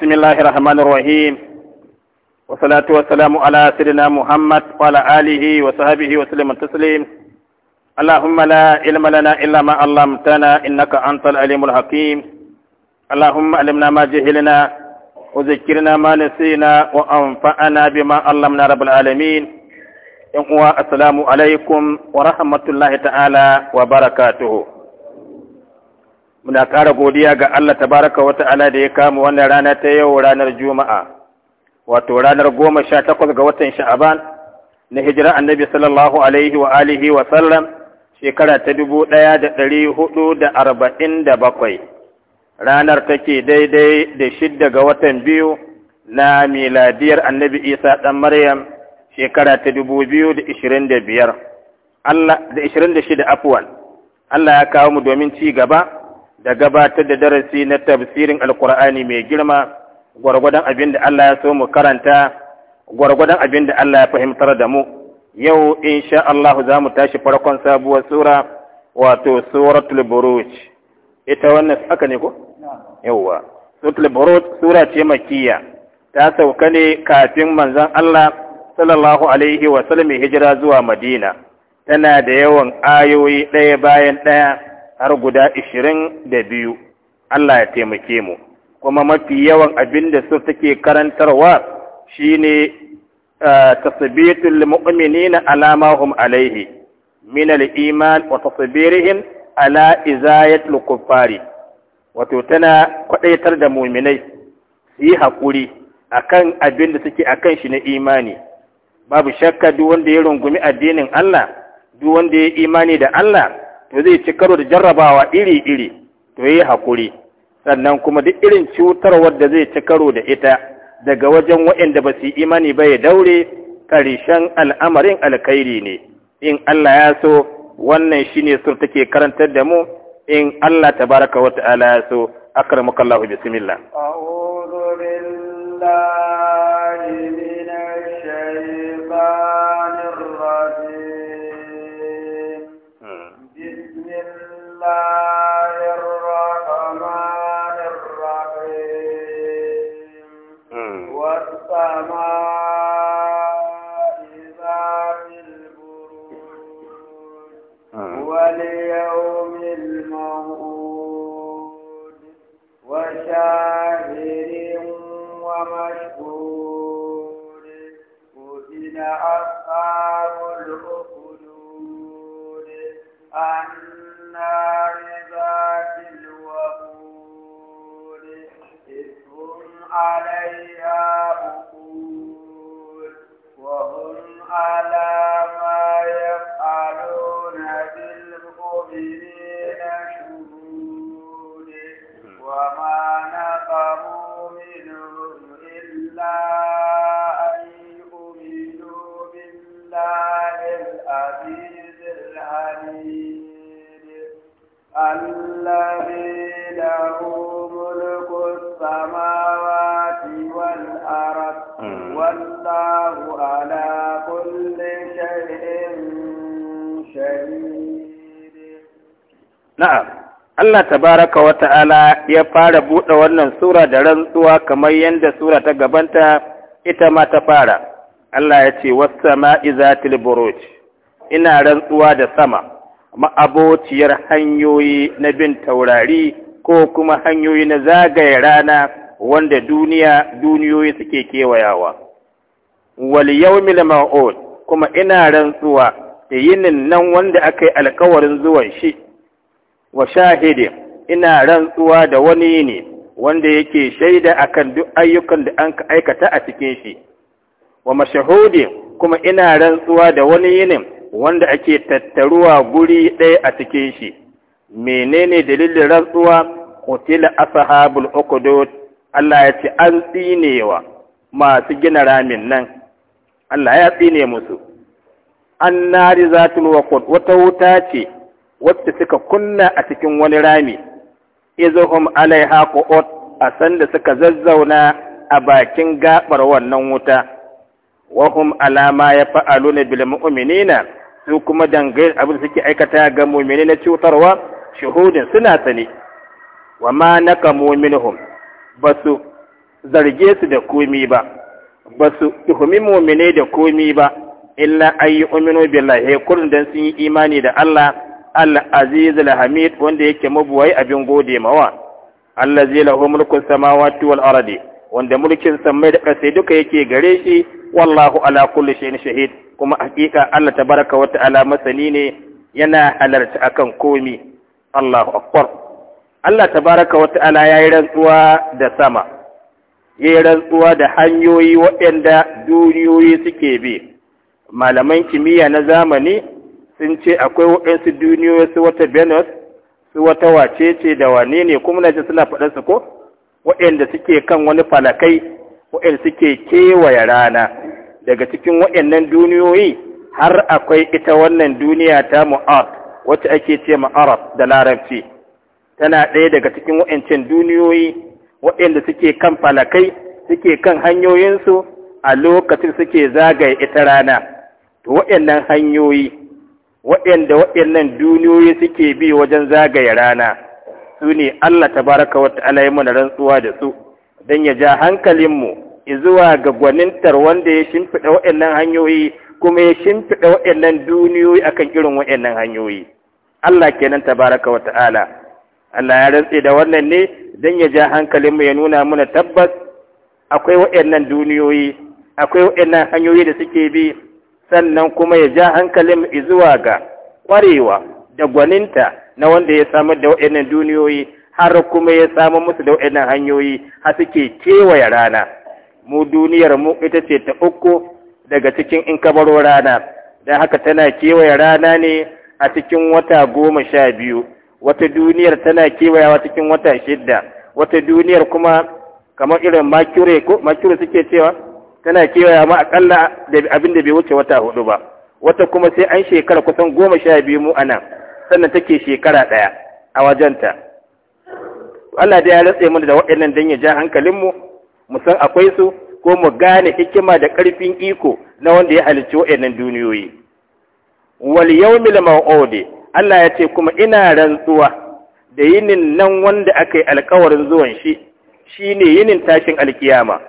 بسم الله الرحمن الرحيم والصلاة والسلام على سيدنا محمد وعلى آله وصحبه وسلم تسليم اللهم لا علم لنا إلا ما علمتنا إنك أنت العليم الحكيم اللهم علمنا ما جهلنا وذكرنا ما نسينا وأنفعنا بما علمنا رب العالمين السلام عليكم ورحمة الله تعالى وبركاته muna ƙara godiya ga Allah tabaraka wa ta'ala da ya kama wannan rana ta yau ranar Juma'a wato ranar goma sha takwas ga watan Sha'aban na hijira annabi sallallahu alaihi wa alihi wa sallam shekara ta dubu ɗaya da ɗari hudu da arba'in da bakwai ranar take daidai da shidda ga watan biyu na miladiyar annabi Isa ɗan Maryam shekara ta dubu biyu da ishirin da biyar da ishirin da shida afuwan Allah ya kawo mu domin ci gaba da gabatar da darasi na tafsirin alkur'ani mai girma gwargwadon abin da Allah ya so mu karanta gwargwadon abin da Allah ya fahimtar da mu yau insha Allah za mu tashi farkon sabuwar sura wato suratul buruj ita wannan haka ne ko yauwa suratul buruj sura ce makkiya ta sauka ne kafin manzon Allah sallallahu alaihi wa sallam hijira zuwa Madina tana da yawan ayoyi ɗaya bayan ɗaya har guda ishirin da biyu Allah ya taimake mu kuma mafi yawan abin da su take karantarwa shine eh, tasbitul mu'minina ala na hum alaihi min al-iman wa tasbirihim ala izayatul kuffari wato tana kwadaitar da mu'minai su yi hakuri akan abin da suke akan shi na imani babu shakka duk wanda ya rungumi addinin Allah duk wanda ya imani da Allah to zai ci karo da jarrabawa iri-iri to yi hakuri sannan kuma duk irin cutarwar da zai ci karo da ita daga wajen waɗanda ba su yi imani ba ya daure ƙarshen al'amarin alkhairi ne in Allah ya so wannan shine sur take karantar da mu in Allah ta baraka wa ta'ala ya so akramukallahu bismillah أصحاب الأخدود النار ذات الوقود إذ هم عليها أقود وهم على الذي له ملك السماوات والأرض والله على كل شيء شهيد نعم Allah tabaraka wa ta'ala ya fara buɗe wannan Sura da rantsuwa kamar yadda Sura ta gabanta ita ma ta fara. Allah ya ce, Wasu sama'i za ina rantsuwa da sama. ma'abociyar hanyoyi na bin taurari ko kuma hanyoyi na zagaye rana wanda duniya duniyoyi suke kewayawa yau yawmil ma'ud kuma ina rantsuwa da yinin nan wanda aka yi alkawarin zuwan shi wa shahidi ina rantsuwa da wani yini wanda yake shaida akan duk ayyukan da an aikata a cikin shi wa mashahudi kuma ina rantsuwa da wani yinin wanda ake tattaruwa guri ɗaya a cikin shi menene dalilin rantsuwa kutila ashabul uqdud Allah ya ce an tsinewa masu gina ramin nan Allah ya tsine musu an nari zatul wata wuta ce wacce suka kunna a cikin wani rami izhum alaiha qu'ud a sanda suka zazzauna a bakin gabar wannan wuta wahum alama ya fa'aluna bil mu'minina su kuma dangane abin suke aikata ga mu'mini na cutarwa shahudin suna sane wa ma na naqamu ba su zarge su da komi ba ba su tuhumi mu'mini da komi ba illa ayi uminu billahi kullun dan sun yi imani da Allah Allah aziz al-hamid wanda yake mabuwai abin gode mawa zai lahu mulkun samawati wal ardi wanda mulkin sammai da sai duka yake gare shi wallahu ala kulli shay'in shahid kuma hakika Allah tabaraka wa ta'ala masani ne yana halarta akan komi Allahu akbar Allah tabaraka wa ta'ala yayi rantsuwa da sama yayi rantsuwa da hanyoyi waɗanda duniyoyi suke bi malaman kimiyya na zamani sun ce akwai waɗansu duniyoyi su wata Venus su wata wacece da wane ne kuma na ji suna faɗansu ko waɗanda suke kan wani falakai waɗanda suke kewaye rana daga cikin waɗannan duniyoyi har akwai ita wannan duniya ta mu'ar wacce ake ce ma'arab da larabci tana ɗaya daga cikin waɗancan duniyoyi waɗanda suke kan falakai suke kan hanyoyinsu a lokacin suke zagaye ita rana to waɗannan hanyoyi waɗanda waɗannan duniyoyi suke bi wajen zagaye rana su ne Allah ta wa ta'ala ya mana rantsuwa da su don ya ja hankalinmu zuwa ga gwanintar wanda ya shimfiɗa waɗannan hanyoyi kuma ya shimfiɗa waɗannan duniyoyi akan irin waɗannan hanyoyi Allah kenan baraka wa ta'ala Allah ya rantse da wannan ne don ya ja hankalinmu ya nuna mana tabbas akwai waɗannan duniyoyi akwai waɗannan hanyoyi da suke bi sannan kuma ya ja hankalinmu zuwa ga ƙwarewa da gwaninta na wanda ya samar da waɗannan duniyoyi har kuma ya samar musu da waɗannan hanyoyi har suke kewaye rana mu duniyar mu ita ce ta uku daga cikin in kabaro rana dan haka tana kewaye rana ne a cikin wata goma sha biyu wata duniyar tana kewayawa cikin wata shidda wata duniyar kuma kamar irin makure ko makure suke cewa tana kewaya ma akalla da abin da bai wuce wata hudu ba wata kuma sai an shekara kusan goma sha biyu mu anan sannan take shekara ɗaya a wajenta Allah da ya ratse mana da waɗannan don ya ja hankalinmu mu san akwai su ko mu gane hikima da ƙarfin iko na wanda ya halicci waɗannan duniyoyi wal yawmil ma'aude Allah ya ce kuma ina rantsuwa da yinin nan wanda aka yi alkawarin zuwan shi ne yinin tashin alkiyama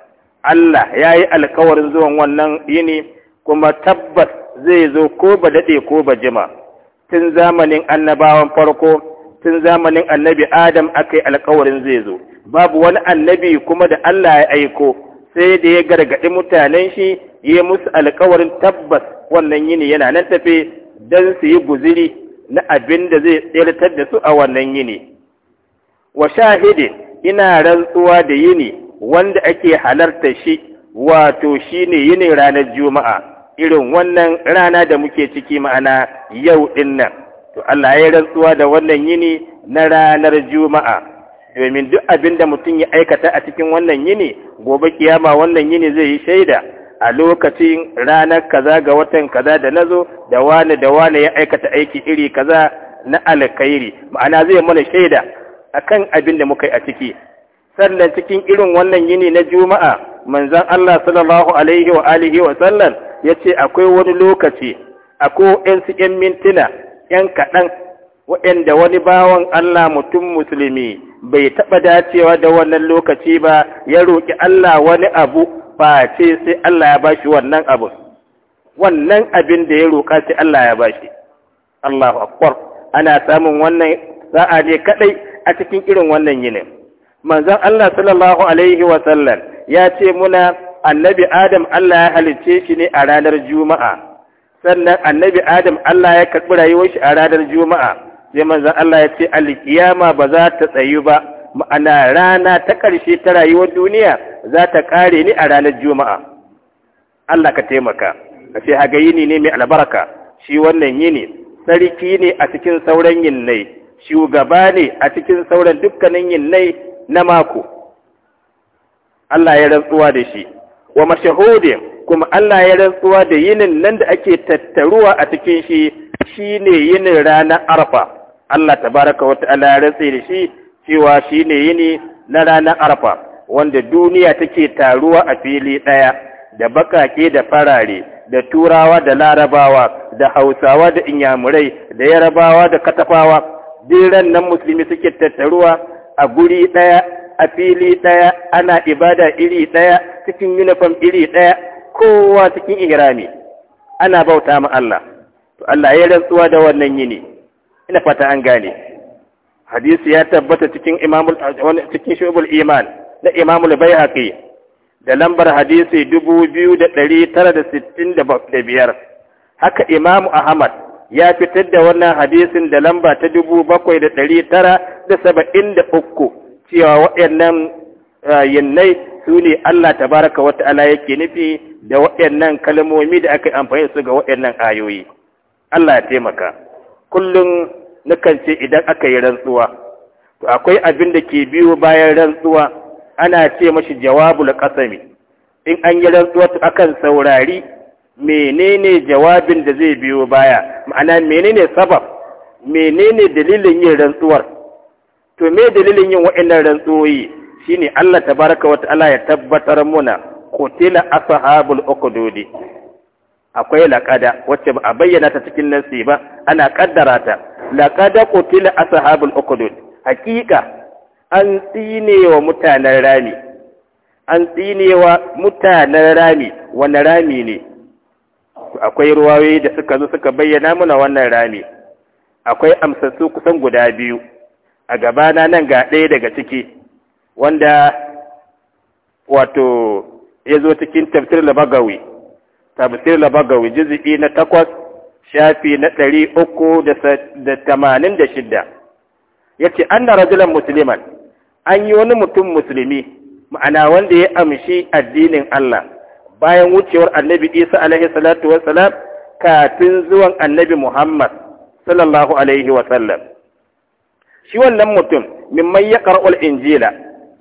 Allah ya yi alkawarin zuwan wannan yini kuma tabbas zai zo ko ba daɗe ko ba jima tun zamanin annabawan farko tun zamanin annabi adam aka yi alkawarin zai zo babu wani annabi kuma da Allah ya aiko sai da ya gargaɗi mutanen shi ya musu alkawarin tabbas wannan yini yana nan tafe don su yi guziri na abin da zai tsirtar da su a wannan yini wa shahidi ina rantsuwa da yini wanda ake halarta shi wato shine yini ranar juma'a irin wannan rana da muke ciki ma'ana yau ɗin nan to Allah ya rantsuwa da wannan yini na ranar juma'a domin duk abin da mutum ya aikata a cikin wannan yini gobe kiyama wannan yini zai yi shaida a lokacin ranar kaza ga watan kaza da nazo da wane da wane ya aikata aiki iri kaza na alkhairi ma'ana zai mana shaida akan abin da muka yi a ciki sannan cikin irin wannan yini na juma'a manzan Allah sallallahu alaihi wa alihi wa sallam ya ce akwai wani lokaci akwai ‘yansu ‘yan mintuna ‘yan kaɗan waɗanda wani bawan Allah mutum musulmi bai taɓa dacewa da wannan lokaci ba ya roƙi Allah wani abu ba ce sai Allah ya bashi wannan abu wannan abin da ya roƙa sai Allah ya bashi Allahu akbar ana samun wannan a ne kadai a cikin irin wannan yinin manzon Allah sallallahu alaihi wa sallam ya ce muna annabi Adam Allah ya halicce shi ne a ranar Juma'a sannan annabi Adam Allah ya karɓi rayuwar shi a ranar Juma'a sai manzan Allah ya ce Alƙiyama ba za ta tsayu ba ma'ana rana ta ƙarshe ta rayuwar duniya za ta ƙare ni a ranar Juma'a Allah ka taimaka ka ce haga yini ne mai albarka shi wannan yini sarki ne a cikin sauran yinnai shugaba ne a cikin sauran dukkanin yinnai na mako Allah ya rantsuwa da shi wa mashahudin kuma Allah ya rantsuwa da yinin nan da ake tattaruwa a cikin shi shine yinin ranar arfa Allah tabaraka wa ta'ala ya rantsi da shi cewa shine yini na ranar arfa wanda duniya take taruwa a fili ɗaya da bakake da farare da turawa da larabawa da hausawa da inyamurai da yarabawa da katafawa duk nan musulmi suke tattaruwa a guri ɗaya a fili ɗaya ana ibada iri ɗaya cikin uniform iri ɗaya kowa cikin ihrami ana bauta ma Allah to Allah ya rantsuwa da wannan yini ina fata an gane hadisi ya tabbata cikin imamul cikin shubul iman da imamul baihaqi da lambar hadisi 2965 haka imamu ahmad ya fitar da wannan hadisin da lamba ta 7973 cewa waɗannan eh, yannai su ne Allah baraka wata ala yake nufi da waɗannan kalmomi da aka yi amfani da su ga waɗannan ayoyi Allah ya taimaka kullum nakan ce idan aka yi rantsuwa to akwai abin da ke biyo bayan rantsuwa ana ce mashi jawabul qasami in an yi rantsuwa to akan saurari menene jawabin da zai biyo baya ma'ana menene sabab menene dalilin yin rantsuwar to me dalilin yin wa'annan rantsoyi shine Allah tabaraka wa ta'ala ya tabbatar muna kutila ashabul uqdudi akwai laqada wacce ba a bayyana ta cikin nasi ba ana kaddara ta laqada kutila ashabul uqdud hakika an tsinewa mutanen rami an tsinewa mutanen rami wani rami ne akwai ruwayoyi da suka zo suka bayyana muna wannan rami akwai amsassu kusan guda biyu a gabana nan ga ɗaya daga ciki wanda wato ya zo cikin tafsir labagawi tafsir labagawi juzi'i na takwas shafi na ɗari uku da tamanin da shidda ya ce an na rajulan musulman an yi wani mutum musulmi ma'ana wanda ya amshi addinin Allah bayan wucewar annabi isa alaihi salatu wasalam kafin zuwan annabi muhammad sallallahu alaihi wasallam shi wannan mutum mimman ya karɓar injila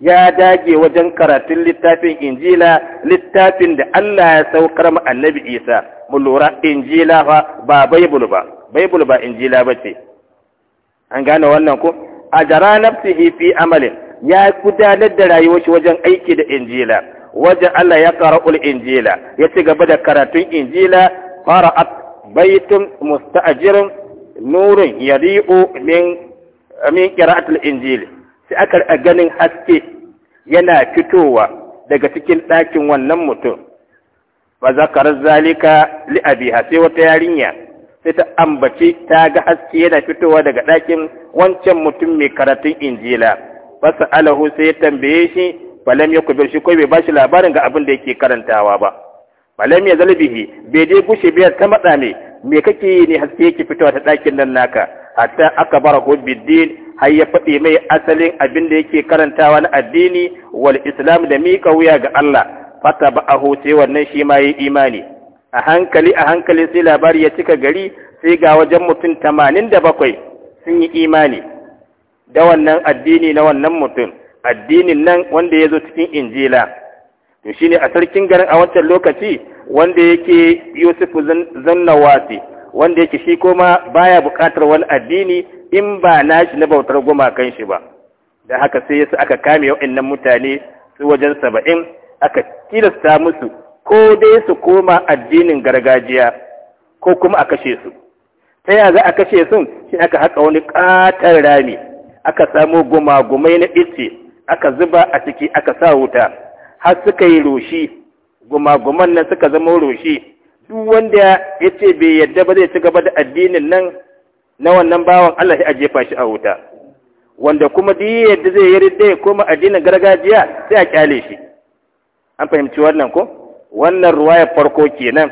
ya dage wajen karatun littafin injila littafin da Allah ya saukar ma annabi isa mu lura injila fa ba baibul ba baibul ba injila ba ce an gane wannan ko a jara nafsihi fi amalin ya gudanar da rayuwar shi wajen aiki da injila wajen Allah ya karɓar injila ya ci gaba da karatun injila fara baitun musta'ajirin, nurun yari'u min min qira'atul injili sai aka ganin haske yana fitowa daga cikin ɗakin wannan mutum fa zali zalika li abiha sai wata yarinya sai ta ambaci ta ga haske yana fitowa daga dakin wancan mutum mai karatun injila fa alahu sai ya tambaye shi falam lam kubir shi ko bai bashi labarin ga abin da yake karantawa ba falam ya bihi bai dai gushe biyar ta matsame me me kake yi ne haske yake fitowa ta ɗakin nan naka hatta aka bara hubbiddin har ya faɗi mai asalin abin da yake karantawa na addini wal islam da mika wuya ga Allah fata ba a hoce wannan shi ma yi imani a hankali a hankali sai labari ya cika gari sai ga wajen mutum tamanin da bakwai sun yi imani da wannan addini na wannan mutum addinin nan wanda ya zo cikin injila to shine a sarkin garin a wancan lokaci wanda yake Yusuf Zannawati wanda yake shi koma baya buƙatar wani addini in ba nashi na bautar gumakan shi ba da haka sai yasa aka kame waɗannan mutane su wajen saba'in aka tilasta musu ko dai su koma addinin gargajiya ko kuma a kashe su ta yaya za a kashe su shi aka haka wani ƙatar rami aka samo gumagumai na ice aka zuba a ciki aka sa wuta har suka yi roshi gumaguman nan suka zama roshi duk wanda ya ce bai yadda ba zai ci gaba da addinin nan na wannan bawan Allah sai a jefa shi a wuta wanda kuma duk yadda zai yi ya koma addinin gargajiya sai a kyale shi an fahimci wannan ko wannan ruwaya farko kenan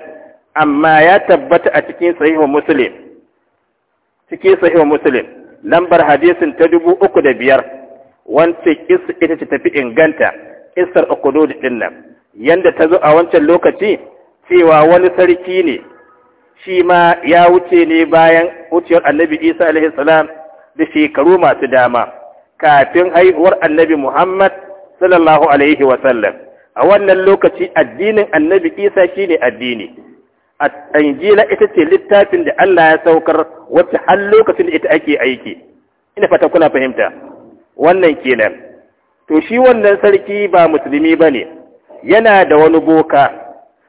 amma ya tabbata a cikin sahihu muslim cikin sahihu muslim lambar hadisin ta dubu uku da biyar wance kisa ita ce tafi inganta kisar ukudud din nan yanda ta zo a wancan lokaci cewa wani sarki ne shi ma ya wuce ne bayan wucewar annabi isa alaihi salam da shekaru masu dama kafin haihuwar annabi muhammad sallallahu alaihi wasallam a wannan lokaci addinin annabi isa shi ne addini injila ita ce littafin da allah ya saukar wacce har lokacin da ita ake aiki ina fata kuna fahimta wannan kenan to shi wannan sarki ba musulmi ba ne yana da wani boka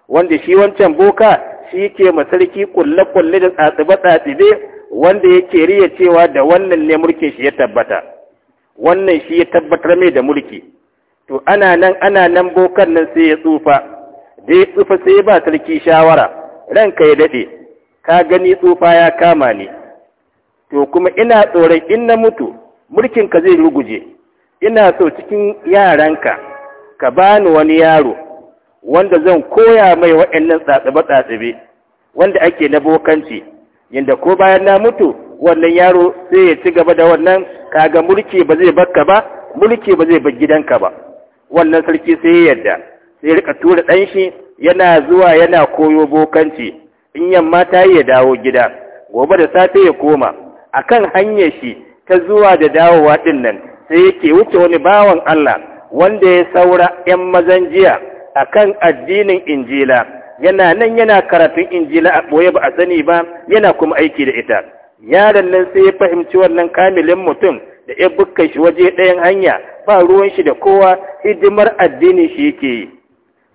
wanda shi wancan boka shi ke masarki kulle-kulle da tsatsibe-tsatsibe wanda ya ke riya cewa da wannan ne mulki shi ya tabbata wannan shi ya tabbatar mai da mulki to ana nan ana nan bokan nan sai ya tsufa da ya tsufa sai ba sarki shawara ranka ya daɗe ka gani tsufa ya kama ni to kuma ina tsoron in na mutu mulkin ka zai ruguje ina so cikin yaranka ka bani wani yaro wanda zan koya mai waɗannan tsatsabe-tsatsabe wanda ake na bokanci yadda ko bayan na mutu wannan yaro sai ya ci gaba da wannan kaga mulki ba zai bakka ba mulki ba zai bar gidanka ba wannan sarki sai ya yarda sai rika tura ɗan shi yana zuwa yana koyo bokanci in yamma ta yi ya dawo gida gobe da safe ya koma akan hanyar shi ta zuwa da dawowa ɗin sai yake wuce wani bawan Allah wanda ya saura ‘yan mazan jiya akan addinin injila yana nan yana karatun injila a ɓoye ba a sani ba yana kuma aiki da ita yaron nan sai ya fahimci wannan kamilin mutum da ya bukka shi waje ɗayan hanya ba ruwan shi da kowa hidimar addinin shi yake yi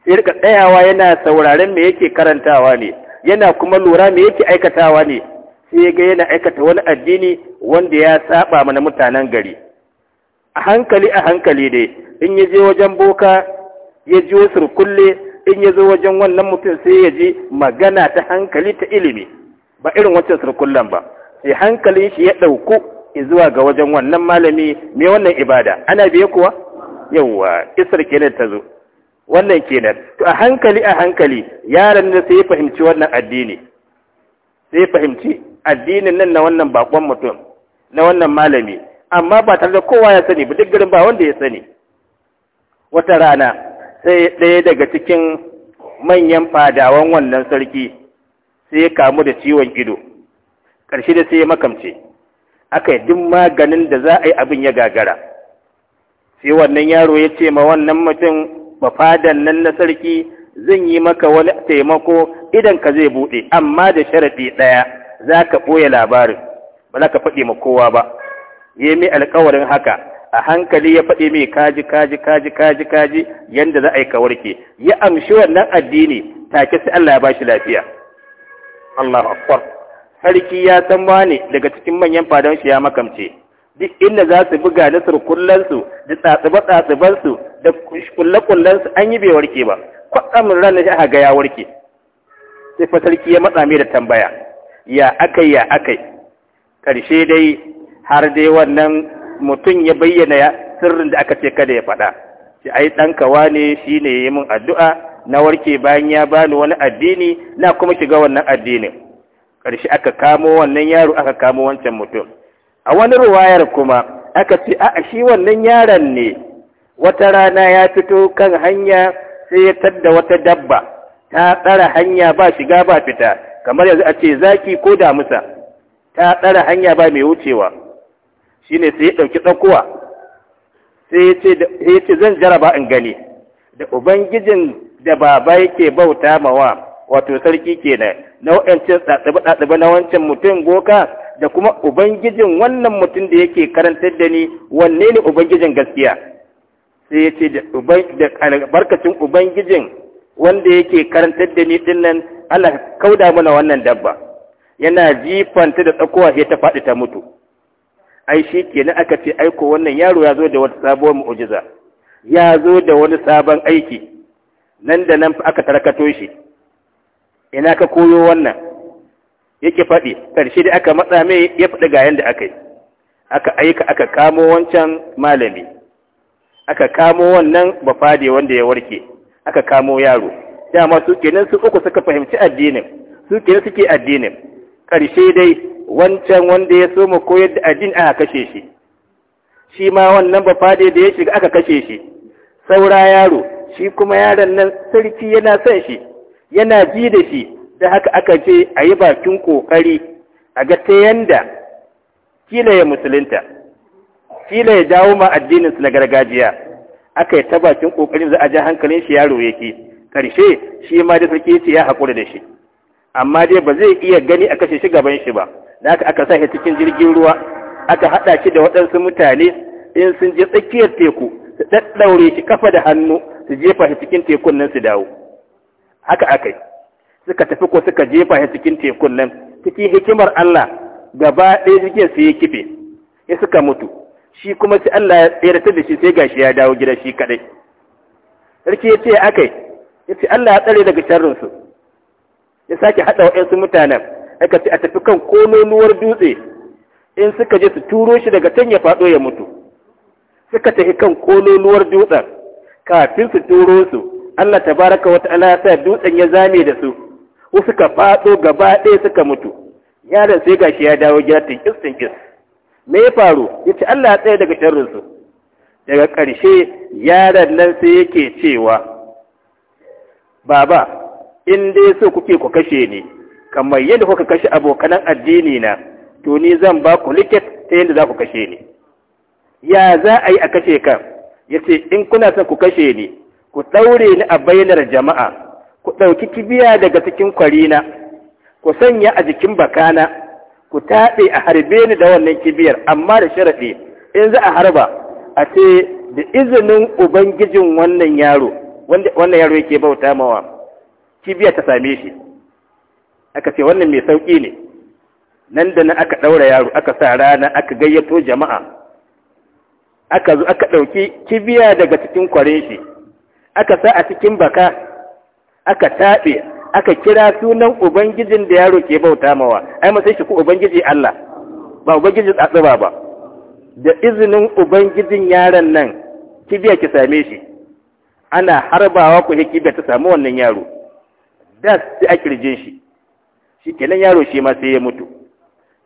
sai rika tsayawa yana sauraren me yake karantawa ne yana kuma lura me yake aikatawa ne sai ga yana aikata wani addini wanda ya saba mana mutanen gari a hankali a hankali dai in ya je wajen boka ya ji wasu kulle in ya zo wajen wannan mutum sai ya ji magana ta hankali ta ilimi ba irin wancan surkullen ba sai hankalin shi ya ɗauku zuwa ga wajen wannan malami mai wannan ibada ana biye kuwa yawwa isar kenan ta zo wannan kenan to a hankali a hankali yaron da sai ya fahimci wannan addini sai fahimci addinin nan na wannan bakon mutum na wannan malami amma ba tare da kowa ya sani ba duk garin ba wanda ya sani wata rana sai ɗaya daga cikin manyan fadawan wannan sarki sai ya kamu da ciwon ido ƙarshe da sai ya makamce aka yi duk maganin da za a yi abin ya gagara sai wannan yaro ya ce ma wannan mutum ba fadan nan na sarki zan yi maka wani taimako idan ka zai buɗe amma da sharaɗi ɗaya za ka ɓoye labarin ba za ka faɗi ma kowa ba ya yi alkawarin haka a hankali ya faɗi mai kaji kaji kaji kaji kaji yadda za a yi kawarke ya amshi wannan addini take sai Allah ya ba shi lafiya Allahu akbar sarki ya san wani daga cikin manyan fadan shi ya makamce duk inda za su buga na surkullan su da tsatsiba su da kulle kullen an yi bai warke ba kwatsam ran shi aka ga ya warke sai fa ya matsa mai da tambaya ya akai ya akai karshe dai har dai wannan mutum ya bayyana sirrin da aka ce kada ya faɗa shi ai kawa ne shi ne ya yi min addu'a na warke bayan ya bani wani addini na kuma shiga wannan addinin ƙarshe aka kamo wannan yaro aka kamo wancan mutum a wani ruwayar kuma aka ce a shi wannan yaron ne wata rana ya fito kan hanya sai ya tadda wata dabba ta tsara hanya ba shiga ba fita kamar yanzu a ce zaki ko damusa ta tsara hanya ba mai wucewa Shi ne sai ya ɗauki ɗaukowa sai ya ce zan jaraba in gani da ubangijin da baba yake bauta mawa wato sarki kenan na wa'ancin ɗaɗɗaɓe na wancan mutum goka da kuma ubangijin wannan mutum da yake karantar da ni wanne ne ubangijin gaskiya sai ya ce da albarkacin ubangijin wanda yake karantar da ni din nan Allah kauda mana wannan dabba yana jifanta da tsakowa sai ta faɗi ta mutu ai shi kenan aka ce aiko wannan yaro ya zo da wata sabuwar mu'ujiza ya zo da wani sabon aiki nan da nan aka tarkato shi ina ka koyo wannan yake faɗi ƙarshe da aka matsa mai ya faɗi ga yanda aka yi aka aika aka kamo wancan malami aka kamo wannan bafade wanda ya warke aka kamo yaro dama su kenan su uku suka fahimci addinin su kenan suke addinin ƙarshe dai wancan wanda ya soma koyar da addini a kashe shi shi ma wannan bafade da ya shiga aka kashe shi saura yaro shi kuma yaron nan sarki yana son shi yana ji da shi da haka aka je a yi bakin ƙoƙari a ga ta yanda kila ya musulunta kila ya dawo ma addininsu na gargajiya aka yi ta bakin ƙoƙarin za a ja hankalin shi yaro yake ƙarshe shi ma da sarki ce ya haƙura da shi amma dai ba zai iya gani a kashe shi gaban shi ba da aka aka sa shi cikin jirgin ruwa aka haɗa shi da waɗansu mutane in sun je tsakiyar teku su daddaure shi kafa da hannu su jefa shi cikin tekun nan su dawo haka aka yi suka tafi ko suka jefa shi cikin tekun nan cikin hikimar Allah gaba ɗaya jirgin sai ya kife ya suka mutu shi kuma sai Allah ya tseratar da shi sai gashi ya dawo gida shi kadai sarki ya ce akai ya ce Allah ya tsare daga sharrinsu ya sake haɗa waɗansu mutanen aka ce a tafi kan kononuwar dutse in suka je su turo shi daga can ya faɗo ya mutu suka tafi kan kononuwar dutsen kafin su turo su Allah Ta wata wata ya sa dutsen ya zame da su wasu ka faɗo gaba ɗaya suka mutu yaron sai gashi ya dawo gida tinkis tinkis me ya faru ya ce Allah ya tsaye daga sharrinsu daga ƙarshe yaron nan sai yake cewa baba in dai so kuke ku kashe ni kamar yadda kuka kashe abokanan addini na to ni zan ba ku liket ta yadda za ku kashe ni ya za a yi a kashe ka ya ce in kuna son ku kashe ni ku ɗaure ni a bainar jama'a ku ɗauki kibiya daga cikin kwarina ku sanya a jikin bakana ku taɓe a harbe ni da wannan kibiyar amma da sharaɗi in za a harba a ce da izinin ubangijin wannan yaro wanda wannan yaro yake bauta mawa kibiya ta same shi aka ce wannan mai sauƙi ne nan da nan aka ɗaura yaro aka sa rana aka gayyato jama'a aka zo aka ɗauki kibiya daga cikin kwarin shi aka sa a cikin baka aka taɓe aka kira sunan ubangijin da yaro ke bauta mawa ai masai shi ku ubangiji Allah ba ubangiji tsatsuba ba da izinin ubangijin yaron nan kibiya ki same shi ana harbawa ku ne kibiya ta samu wannan yaro sai a kirje shi shi kenan yaro shi ma sai ya mutu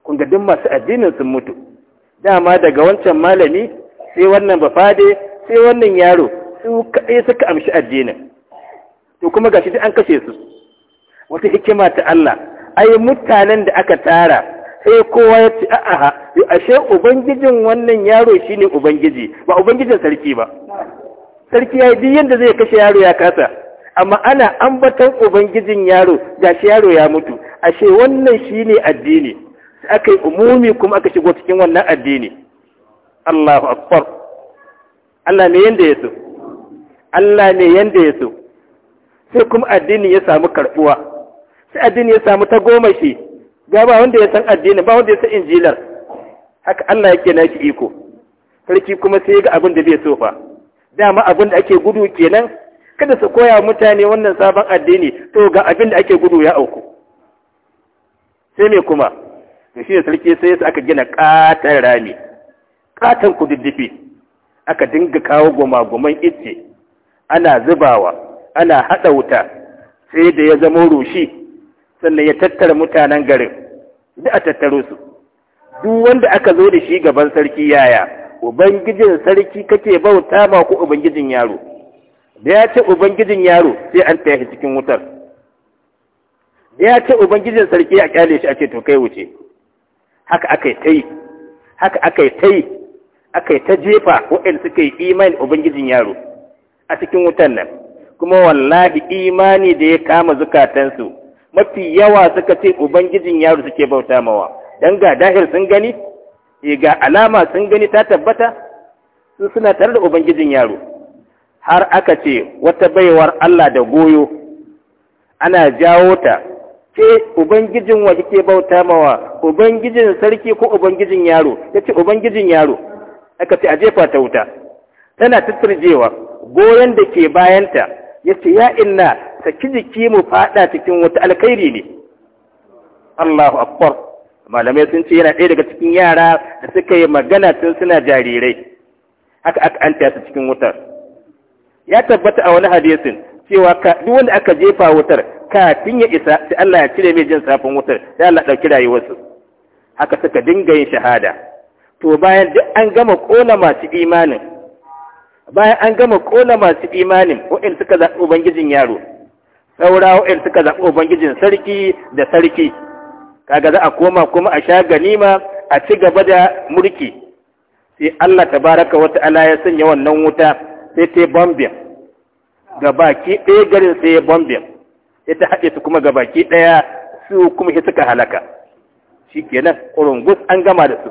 kun duk masu addinin sun mutu dama daga wancan malami sai wannan bafade sai wannan yaro su kaɗai suka amshi addinin to kuma gashi duk an kashe su wata hikima ta Allah ai mutanen da aka tara sai kowa ya ce a'a ashe ubangijin wannan yaro shine ubangiji ba ubangijin sarki ba sarki ya yi duk yadda zai kashe yaro ya kasa amma ana ambatan ubangijin yaro shi yaro ya mutu ashe wannan shine addini aka yi umumi kuma aka shigo cikin wannan addini Allahu akbar Allah ne yanda ya so Allah ne yanda ya so sai kuma addini ya samu karbuwa sai addini ya samu tagomashi ga ba wanda ya san addini ba wanda ya san injilar haka Allah yake nashi iko sarki kuma sai ga abin da bai so fa dama abin da ake gudu kenan kada su koya mutane wannan sabon addini to ga abin da ake gudu ya auku sai me kuma da shi sarki sai su aka gina katon rami katon kududdufi aka dinga kawo goma-goman itce ana zubawa ana haɗa wuta sai da ya zama rushi sannan ya tattara mutanen garin da a tattaro su duk wanda aka zo da shi gaban sarki yaya ubangijin sarki kake bauta ma ko ubangijin yaro da ya ce ubangijin yaro sai an tafi cikin wutar da ya ce ubangijin sarki a kyale shi a ce to kai wuce haka aka yi ta yi haka aka yi ta yi aka yi ta jefa waɗanda suka yi imani ubangijin yaro a cikin wutar nan kuma wallahi imani da ya kama zukatansu mafi yawa suka ce ubangijin yaro suke bauta mawa dan ga dahir sun gani eh, ga alama sun gani ta tabbata su suna tare da ubangijin yaro har aka ce wata baiwar Allah da goyo ana jawo ta ce ubangijin wa kike bauta mawa ubangijin sarki ko ubangijin yaro ya ubangijin yaro aka ce a jefa ta wuta tana tattarjewa goyon da ke bayanta ya ce ya inna saki jiki mu fada cikin wata alkhairi ne Allahu akbar malamai sun ce yana ɗaya daga cikin yara da suka yi magana tun suna jarirai haka aka anta su cikin wutar ya tabbata a wani hadisin cewa duk wanda aka jefa wutar kafin ya isa sai Allah ya cire mai jin safin wutar sai Allah ɗauki rayuwarsu haka suka dinga yin shahada to bayan duk an gama kona masu imanin bayan an gama kona masu imanin wa'in suka zaɓi ubangijin yaro saura wa'in suka zaɓi ubangijin sarki da sarki kaga za a koma kuma a sha ganima a ci gaba da mulki sai Allah tabaraka wata ala ya sanya wannan wuta sai ta yi bombin gabaki ɗaya garin sai ya bombin ita haɗe su kuma gabaki ɗaya su kuma shi suka halaka shi kenan ƙurungus an gama da su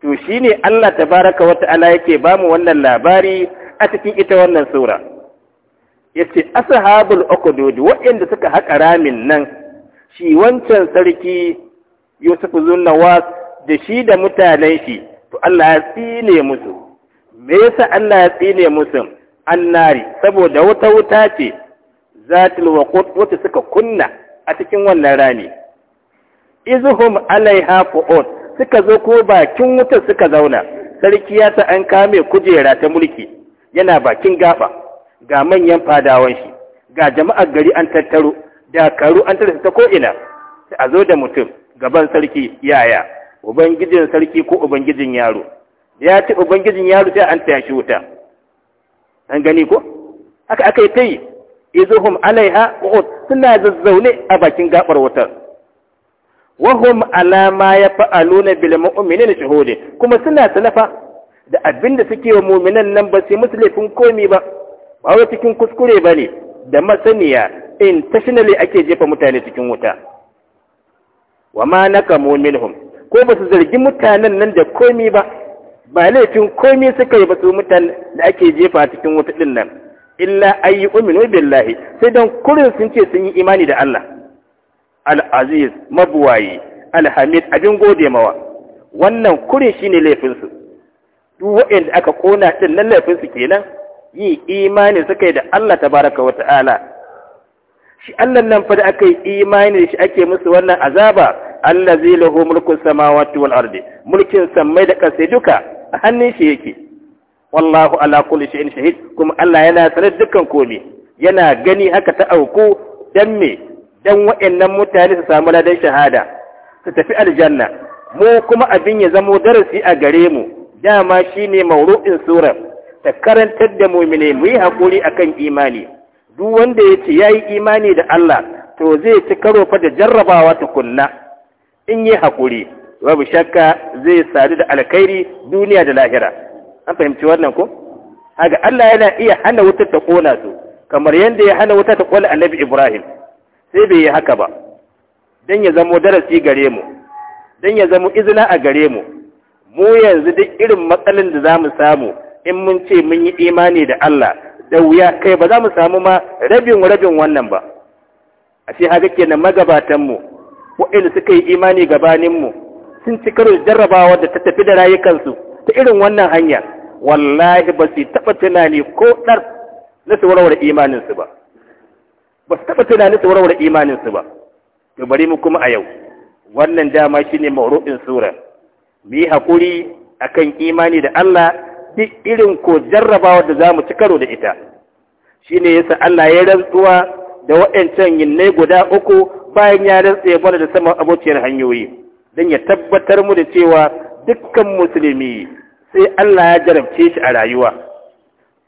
to shi ne Allah baraka wata ala yake ba mu wannan labari a cikin ita wannan sura yace ashabul ukhdud waɗanda suka haƙa ramin nan shi wancan sarki Yusuf Zunnawas da shi da mutanen shi to Allah ya tsine musu me yasa Allah ya tsine musu annari saboda wata wuta ce zatul waqut wata suka kunna a cikin wannan rani izhum alaiha qu'ud suka zo ko bakin wuta suka zauna sarki ya ta an kame kujera ta mulki yana bakin gaba ga manyan fadawan shi ga jama'ar gari an tattaro karu an tattaro ta ko'ina a zo da mutum gaban sarki yaya ubangijin sarki ko ubangijin yaro ya ce ubangijin ya rufe an taya wuta an gani ko aka aka yi ta yi izuhum alaiha suna zazzaune a bakin gabar wutar wahum alama ya fa'aluna bil mu'minina shuhude kuma suna talafa da abinda suke wa mu'minan nan ba sai musu laifin komi ba ba wa cikin kuskure bane da masaniya in intentionally ake jefa mutane cikin wuta wa ma nakamu minhum ko ba su zargi mutanen nan da komi ba ba laifin komai suka yi ba su mutane da ake jefa cikin wuta din nan illa ayyu uminu billahi sai dan kurin sun ce sun yi imani da Allah al-aziz mabuwayi al-hamid abin gode mawa wannan kurin shine laifin su duk aka kona din nan laifin kenan yi imani suka yi da Allah tabaraka wa ta'ala shi Allah nan fa da aka yi imani shi ake musu wannan azaba allazi lahu mulku samawati wal ardi mulkin sammai da kasai duka a hannun shi yake wallahu ala kulli shay'in shahid kuma Allah yana sanar dukkan komai yana gani haka ta auku dan me dan waɗannan mutane su samu ladan shahada su tafi aljanna mu kuma abin ya zamo darasi a gare mu dama shine mauru'in sura ta karantar da mu'mine mu yi hakuri akan imani duk wanda ya ce yayi imani da Allah to zai ci karo fa da jarrabawa tukunna in yi hakuri babu shakka zai sadu da alkhairi duniya da lahira an fahimci wannan ko haka Allah yana iya hana wuta ta kona su kamar yadda ya hana wuta ta kona annabi Ibrahim sai bai yi haka ba dan ya zamo darasi gare mu dan ya zamo izina a gare mu mu yanzu duk irin matsalolin da zamu samu in mun ce mun yi imani da Allah da wuya kai ba za mu samu ma rabin rabin wannan ba A ashe haka kenan magabatan mu in suka yi imani gabanin mu sun ci karo jarrabawa da ta tafi da rayukansu ta irin wannan hanya wallahi ba su taɓa tunani ko ɗar na su warware imaninsu ba ba su taɓa tunani su warware imaninsu ba to bari mu kuma a yau wannan dama shine mauru'in sura mu yi haƙuri akan imani da Allah duk irin ko jarrabawa da za mu ci karo da ita shine yasa Allah ya rantsuwa da waɗancan yinnai guda uku bayan ya rantse bana da saman abokiyar hanyoyi don ya tabbatar mu da cewa dukkan musulmi sai Allah ya jarabce shi a rayuwa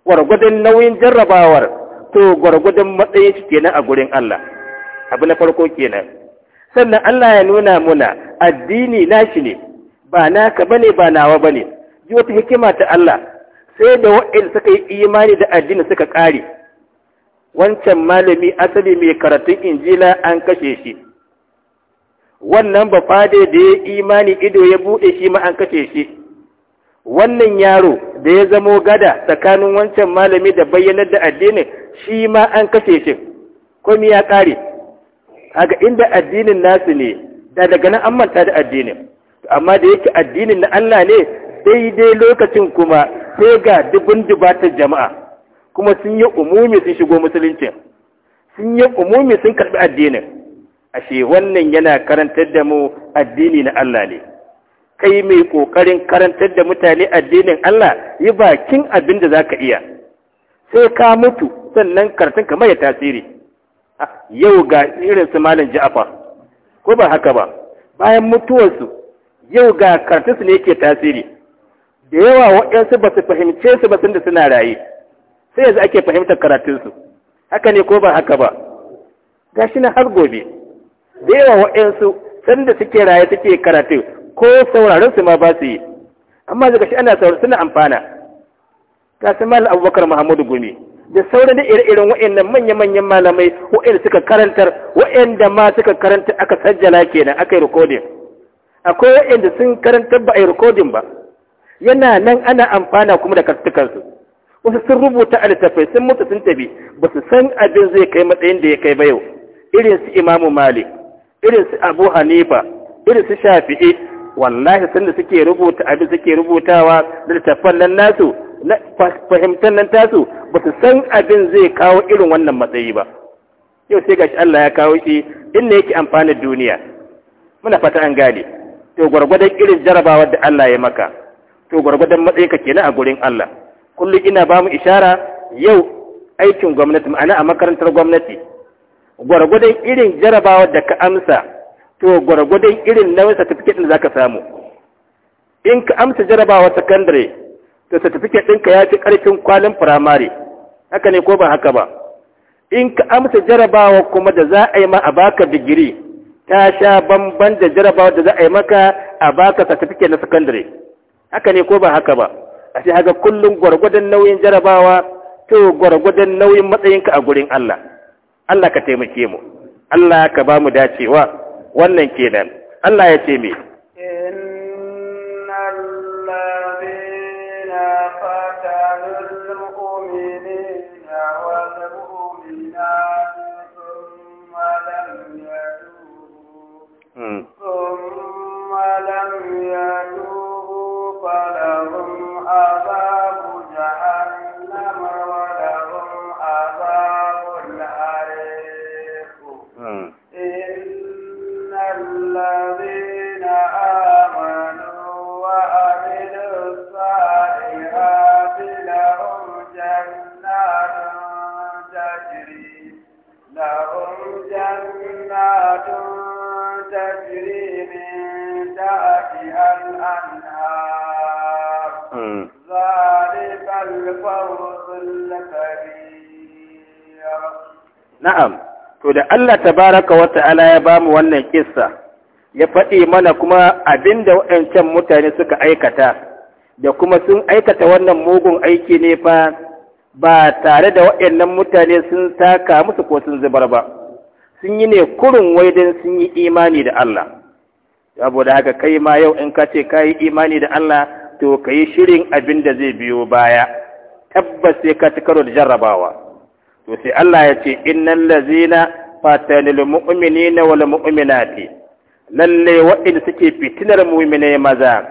gwargwadon nauyin jarrabawar to gwargwadon matsayin shi kenan a gurin Allah abu na farko kenan sannan Allah ya nuna muna addini nashi ne ba naka bane ba nawa bane ji wata hikima ta Allah sai da wa'in suka yi imani da addini suka kare wancan malami asali mai karatun injila an kashe shi wannan ba fade da ya imani ido ya buɗe shi ma an kace shi wannan yaro da ya zamo gada tsakanin wancan malami da bayyanar da addinin shi ma an kace shi komai ya ƙare haka inda addinin nasu ne da daga nan an manta da addinin amma da yake addinin na Allah ne daidai lokacin kuma sai ga dubun dubatar jama'a kuma sun yi umumi sun shigo musulunci sun yi umumi sun karɓi addinin ashe wannan yana karantar da mu addini na Allah ne kai mai kokarin karantar da mutane addinin Allah yi bakin abin da zaka iya sai ka mutu sannan karatun ka mai tasiri ah, yau ga irin su malam Ja'far ko ba haka ba bayan mutuwarsu yau ga karatunsu ne yake tasiri da yawa waɗansu ba su fahimce su ba sun da suna raye sai yanzu ake fahimtar karatunsu haka ne ko ba haka ba gashi na har gobe da yawa waɗansu sanda suke raye suke karatu ko sauraron su ma ba su yi amma daga shi ana sauraron suna amfana ta su mal abubakar muhammadu gumi da sauran da ire-iren waɗannan manya-manyan malamai waɗanda suka karantar waɗanda ma suka karanta aka sajjala kenan aka yi rikodin akwai waɗanda sun karantar ba a yi rikodin ba yana nan ana amfana kuma da kartukansu wasu sun rubuta a littafai sun mutu sun tafi ba su san abin zai kai matsayin da ya kai ba yau irin su imamu malik irin su abu hanifa irin su shafi'i wallahi sanda suke rubuta abin suke rubutawa da littattafan nan nasu na fahimtar nan tasu ba su san abin zai kawo irin wannan matsayi ba yau sai gashi Allah ya kawo shi inda yake amfani duniya muna fata an gane to gwargwadon irin jarabawa da Allah ya maka to gwargwadon matsayinka kenan a gurin Allah kullum ina ba mu ishara yau aikin gwamnati ma'ana a makarantar gwamnati gwargwadon irin jarabawa da ka amsa to gwargwadon irin nauyin certificate da zaka samu in ka amsa jarabawa secondary to certificate ɗinka ya fi ƙarfin kwalin firamare haka ne ko ba haka ba in ka amsa jarabawa kuma da za a yi ma a baka digiri ta sha bamban da jarabawa da za a yi maka a baka certificate na secondary haka ne ko ba haka ba a sai haka kullum gwargwadon nauyin jarabawa to gwargwadon nauyin matsayinka a gurin Allah Allah ka taimake mu Allah ka ba mu dacewa wannan kenan Allah ya ce me ثم لم يتوبوا فلا تجري من تحتها الأنهار ذلك الفوز الكبير نعم to da Allah tabaraka wa ta'ala ya ba mu wannan kissa ya faɗi mana kuma abinda waɗancan mutane suka aikata da kuma sun aikata wannan mugun aiki ne fa ba tare da waɗannan mutane sun taka musu ko sun zubar ba sun yi ne kurin wai don sun yi imani da Allah saboda haka kai ma yau in ka ce ka yi imani da Allah to ka yi shirin abin da zai biyo baya tabbas sai ka ci karo da jarrabawa to sai Allah ya ce innal lazina fatanil mu'minina wal mu'minati lalle wa'in suke fitinar mu'minai maza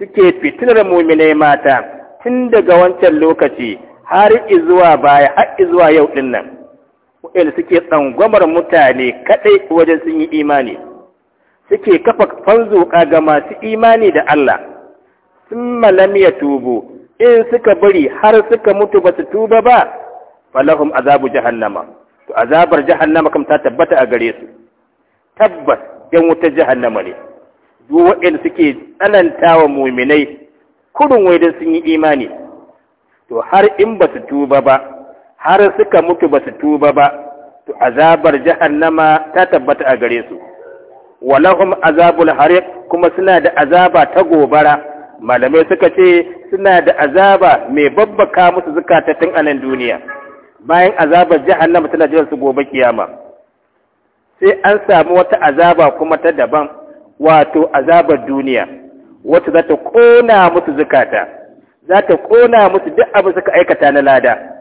suke fitinar mu'minai mata tun daga wancan lokaci har izuwa baya har izuwa yau din nan waɗanda suke tsangwamar mutane kaɗai wajen sun yi imani suke kafa fanzoka ga masu imani da Allah sun malam ya tubu in suka bari har suka mutu ba su tuba ba falahum azabu jahannama to azabar jahannama kam ta tabbata a gare su tabbas yan wutar jahannama ne duk waɗanda suke tsanantawa muminai kurun wai sun yi imani to har in ba su tuba ba har suka mutu ba su tuba ba to azabar jahannama ta tabbata a gare su walahum azabul harif kuma suna da azaba ta gobara malamai suka ce suna da azaba mai babbaka musu zukata tun a duniya bayan azabar jahannama tana jiran su gobe kiyama sai an samu wata azaba kuma ta daban wato azabar duniya wacce za ta ƙona musu zukata za ta ƙona musu duk abin suka aikata na lada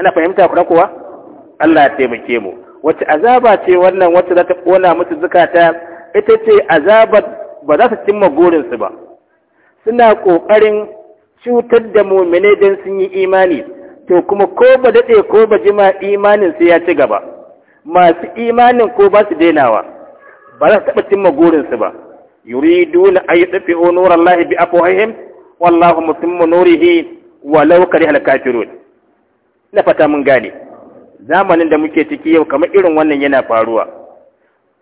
ana fahimta ku kuwa Allah ya taimake mu wace azaba ce wannan wacce za ta kona musu zukata ita ce azabar ba za su cimma su ba suna ƙoƙarin cutar da mumine dan sun yi imani to kuma ko ba daɗe ko ba jima imanin sai ya ci gaba masu imanin ko ba su dainawa ba za su taɓa cimma su ba yuriduna ay yudfi'u nurallahi bi afwahihim wallahu mutimmu nurihi walau karihal kafirun na fata mun gane zamanin da muke ciki yau kamar irin wannan yana faruwa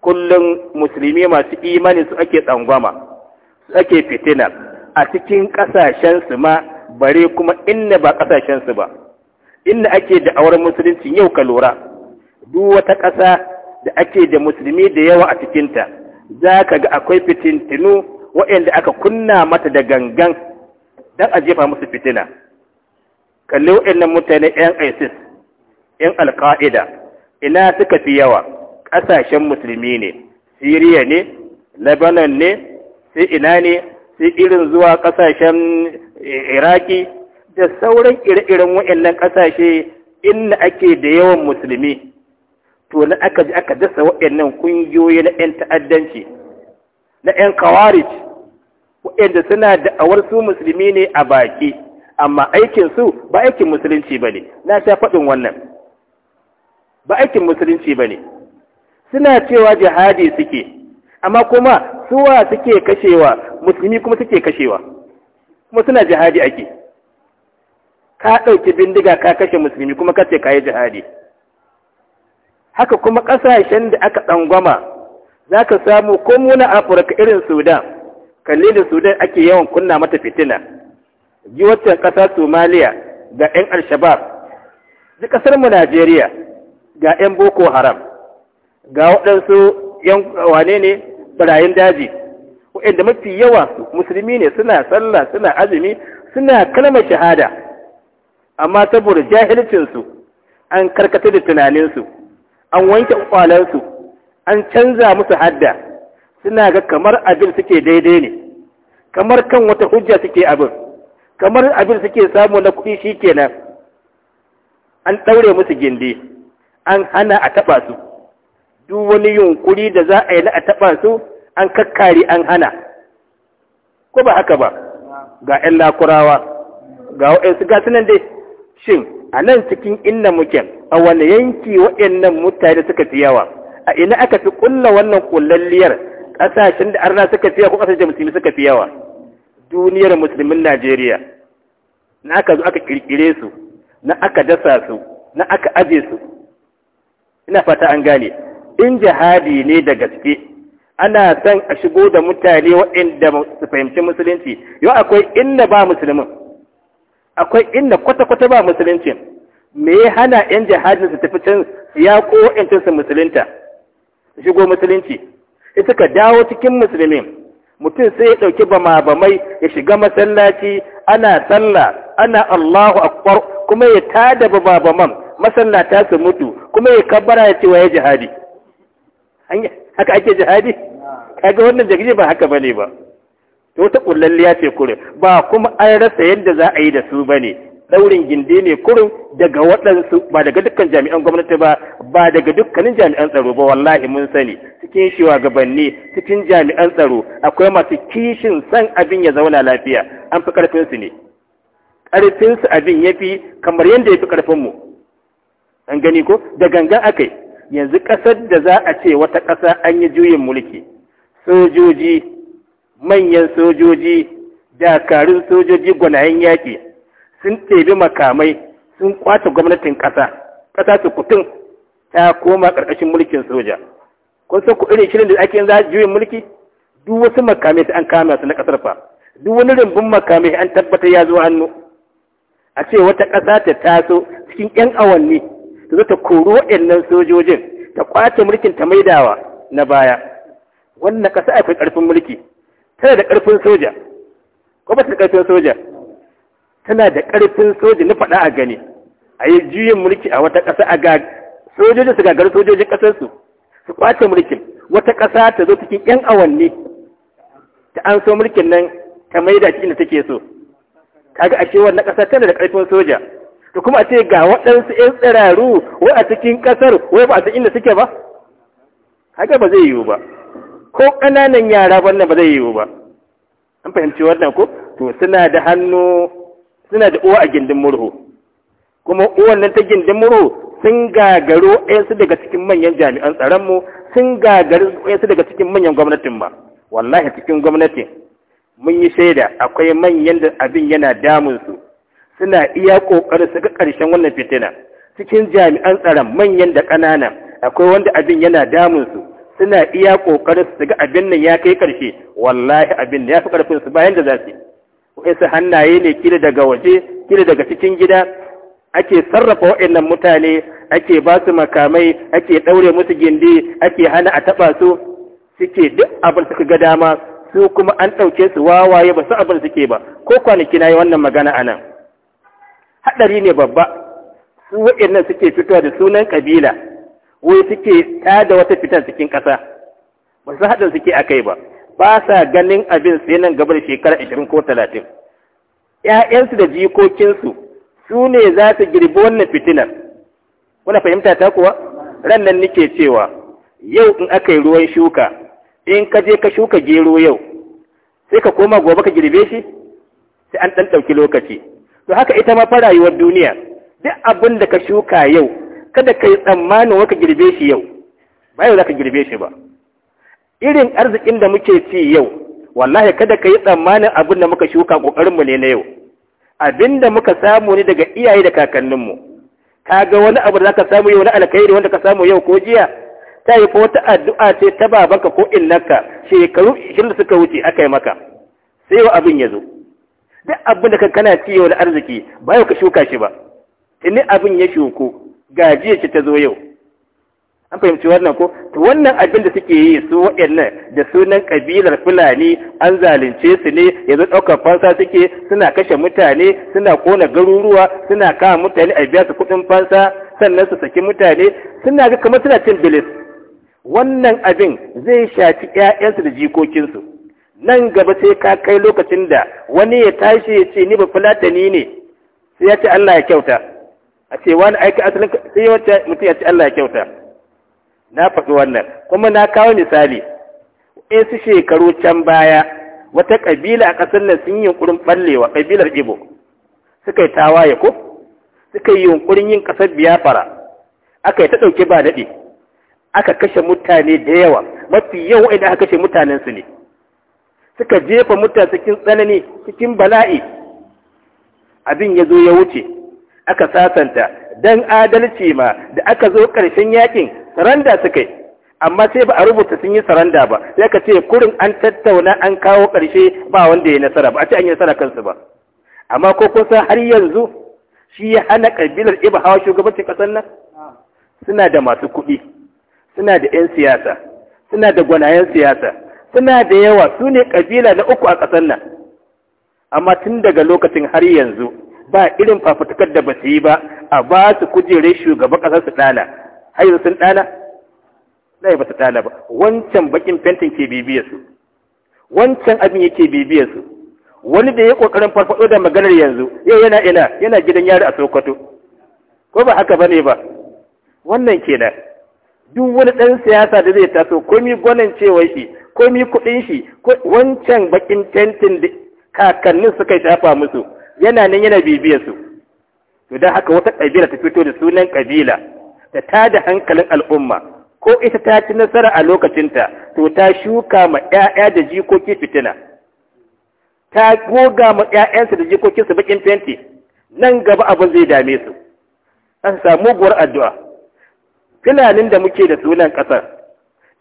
kullum musulmi masu imani su ake tsangwama su ake fitina a cikin ƙasashensu ma bare kuma inna ba ƙasashensu ba inna ake da auren musulunci yau ka lura duk wata ƙasa da ake da musulmi da yawa a cikinta za ka ga akwai fitintinu waɗanda aka kunna mata da gangan don a jefa musu fitina kalli waɗannan mutane 'yan isis 'yan Alƙa'ida, ina suka fi yawa ƙasashen musulmi ne siriya ne lebanon ne sai ina ne sai irin zuwa ƙasashen eh, iraki da sauran ire-iren waɗannan ƙasashe inda ake da yawan musulmi to na aka ji aka dasa waɗannan ƙungiyoyi na 'yan ta'addanci na 'yan kawarij waɗanda suna da'awar su musulmi ne a baki amma aikinsu ba aikin musulunci ba ne na sha faɗin wannan ba aikin musulunci ba ne suna cewa jihadi suke amma kuma suwa suke kashewa musulmi kuma suke kashewa kuma suna jihadi ake ka ɗauki bindiga ka kashe musulmi kuma ka ce ka yi jihadi haka kuma ƙasashen da aka ɗangwama za ka samu ko muna afirka irin sudan kalli da sudan ake yawan kunna mata fitina giwatan ƙasa somaliya ga 'yan al-shabab ƙasar ƙasarmu najeriya ga 'yan boko haram ga waɗansu 'yan wane ne barayin daji waɗanda mafi yawa musulmi ne suna sallah suna azumi suna kalmar shahada amma saboda jahilcinsu an karkata da tunaninsu an wanke ƙwalansu an canza musu hadda suna ga kamar abin suke daidai ne kamar kan wata hujja suke abin kamar abin suke samu na kuɗi shi kenan an ɗaure musu gindi an hana a taɓa su duk wani yunƙuri da za a yi na a taɓa su an kakkari an hana ko ba haka ba ga 'yan lakurawa ga waɗansu ga sunan dai shin a nan cikin inna muke a wani yanki waɗannan mutane suka fi yawa a ina aka fi ƙulla wannan ƙullalliyar ƙasashen da arna suka fi yawa ko ƙasashen musulmi suka fi yawa duniyar musulmin Najeriya na aka zo aka kirkire su na aka dasa su na aka aje su ina fata an gane in jihadi ne da gaske ana son a shigo da mutane waɗanda su fahimci musulunci yau akwai inda ba musulmin akwai inda kwata-kwata ba musulunci me ya hana 'yan jihadi su tafi can ya ko waɗancan su musulunta shigo musulunci ka dawo cikin musulmin mutum sai ya ɗauki bama bamai ya shiga masallaci ana sallah ana Allahu akbar kuma ya tada bama baman masallata su mutu kuma ya kabbara ya cewa ya jihadi haka ake jihadi kaga wannan jirgi ba haka bane ba to wata kullalliya ce kurin ba kuma an rasa yadda za a yi da su bane daurin gindi ne kurin daga waɗansu ba daga dukkan jami'an gwamnati ba ba daga dukkanin jami'an tsaro ba wallahi mun sani cikin shugabanni cikin jami'an tsaro akwai masu kishin san abin ya zauna lafiya an fi ƙarfinsu ne ƙarfinsu abin ya fi kamar yadda ya fi ƙarfinmu an gani ko da gangan akai yanzu ƙasar da za a ce wata ƙasa an yi juyin mulki sojoji manyan sojoji dakarun sojoji gwanayen yaƙi sun tebi makamai sun kwace gwamnatin ƙasa ƙasa su kutun ta koma ƙarƙashin mulkin soja kun san ne shirin da ake yanzu za juyin mulki duk wasu makamai sai an kama su na ƙasar fa duk wani rumbun makamai an tabbatar ya zo hannu a ce wata ƙasa ta taso cikin ƴan awanni ta zo ta koro waɗannan sojojin ta kwace mulkin ta maidawa na baya wannan ƙasa akwai ƙarfin mulki tana da ƙarfin soja ko ba ta ƙarfin soja tana da ƙarfin soja na faɗa a gani a yi juyin mulki a wata ƙasa a ga sojojin su gagar sojojin ƙasarsu su kwace mulkin wata ƙasa ta zo cikin ƴan awanni ta an so mulkin nan ta da cikin da take so kaga ce wannan ƙasa tana da ƙarfin soja to kuma a ce ga waɗansu 'yan tsiraru wai a cikin ƙasar wai ba a san inda suke ba kaga ba zai yiwu ba ko ƙananan yara wannan ba zai yiwu ba an fahimci wannan ko to suna da hannu suna da uwa a gindin murhu kuma uwan nan ta gindin murhu sun gagaro ɗayansu daga cikin manyan jami'an tsaronmu sun gagari ɗayansu daga cikin manyan gwamnatin ba wallahi cikin gwamnatin mun yi shaida akwai manyan da abin yana damunsu suna iya kokari su ga ƙarshen wannan fitina cikin jami'an tsaron manyan da ƙanana akwai wanda abin yana damunsu suna iya kokari su ga abin nan ya kai ƙarshe wallahi abin ya fi su bayan da za su yi hannaye ne kila daga waje kila daga cikin gida ake sarrafa waɗannan mutane ake ba su makamai ake ɗaure musu gindi ake hana a taɓa su suke duk abin suka ga dama su kuma an ɗauke su wawaye ba su abin suke ba ko kwanaki na yi wannan magana a nan haɗari ne babba su wa'annan suke fitowa da sunan kabila wai suke tada wata fitar cikin ƙasa ba su haɗin suke a kai ba ba sa ganin abin sai nan gabar shekara ashirin ko talatin ‘ya'yansu da jikokinsu su ne za su girbi wannan fitinar kuna fahimta ta kuwa ran nan nake cewa yau in aka yi ruwan shuka in ka je ka shuka gero yau sai ka koma gobe ka girbe shi sai an ɗan ɗauki lokaci to haka ita ma fa rayuwar duniya duk abin da ka shuka yau kada ka yi tsammanin waka girbe shi yau ba yau za ka girbe shi ba irin arzikin da muke ci yau wallahi kada ka yi tsammanin abin da muka shuka ƙoƙarinmu ne na yau Abin da muka samu ne daga iyaye da kakanninmu kaga wani abu da zaka samu yau na alkhairi wanda ka samu yau ko jiya ta yi ko wata addu'a ce ta babanka ko innaka shekaru 20 da suka wuce aka yi maka sai wa abin ya zo duk abin da ka kana ci yau na arziki ba yau ka shuka shi ba tuni abin ya shuku gajiyar ta zo yau an fahimci wannan ko to wannan abin da suke yi su waɗannan da sunan kabilar fulani an zalunce su ne yanzu ɗaukar fansa suke suna kashe mutane suna kona garuruwa suna kama mutane a biya su kuɗin fansa sannan su saki mutane suna ga kamar suna cin bilis wannan abin zai shafi ƴaƴansu da jikokinsu nan gaba sai ka kai lokacin da wani ya tashi ya ce ni ba fulatani ne sai ya ce Allah ya kyauta a ce wani aiki asalin sai ya ce mutum ya ce Allah ya kyauta na faɗi wannan kuma na kawo misali in su shekaru can baya wata ƙabila a ƙasar nan sun yi yunƙurin ɓallewa ƙabilar ibo suka yi tawaye ko suka yi yunƙurin yin ƙasar biyafara aka yi ta ɗauki ba daɗe aka kashe mutane da yawa mafi yawa idan aka kashe su ne suka jefa mutane cikin tsanani cikin bala'i abin ya zo ya wuce aka sasanta dan adalci ma da aka zo ƙarshen yakin saranda suka yi amma sai ba a rubuta sun yi saranda ba sai ka ce kurin an tattauna an kawo ƙarshe ba wanda ya nasara ba a ce an yi nasara kansu ba amma ko kusa har yanzu shi ya hana ƙabilar iba hawa shugabancin ƙasar nan suna da masu kuɗi suna da 'yan siyasa suna da gwanayen siyasa suna da yawa su ne ƙabila na uku a ƙasar nan amma tun daga lokacin har yanzu ba irin fafutukar da ba su yi ba a ba su kujerar shugaban ƙasar su ɗana haizu yanzu sun ɗana na ba su ɗana ba wancan bakin fentin ke bibiyar su wancan abin yake bibiyar su wani da ya ƙoƙarin farfaɗo da maganar yanzu yau yana ina yana gidan yari a sokoto ko ba haka ba ne ba wannan kenan duk wani ɗan siyasa da zai taso komi gwanin cewa shi komi kuɗin shi wancan bakin fentin da kakannin suka shafa musu yana nan yana bibiyar su to don haka wata ƙabila ta fito da sunan ƙabila da ta da hankalin al'umma ko ita ta ci nasara a lokacinta to ta shuka ma 'ya'ya da jikoki fitina ta goga ma 'ya'yansu da jikokinsu bakin fenti nan gaba abin zai dame su an samu guwar addu'a filanin da muke da sunan ƙasar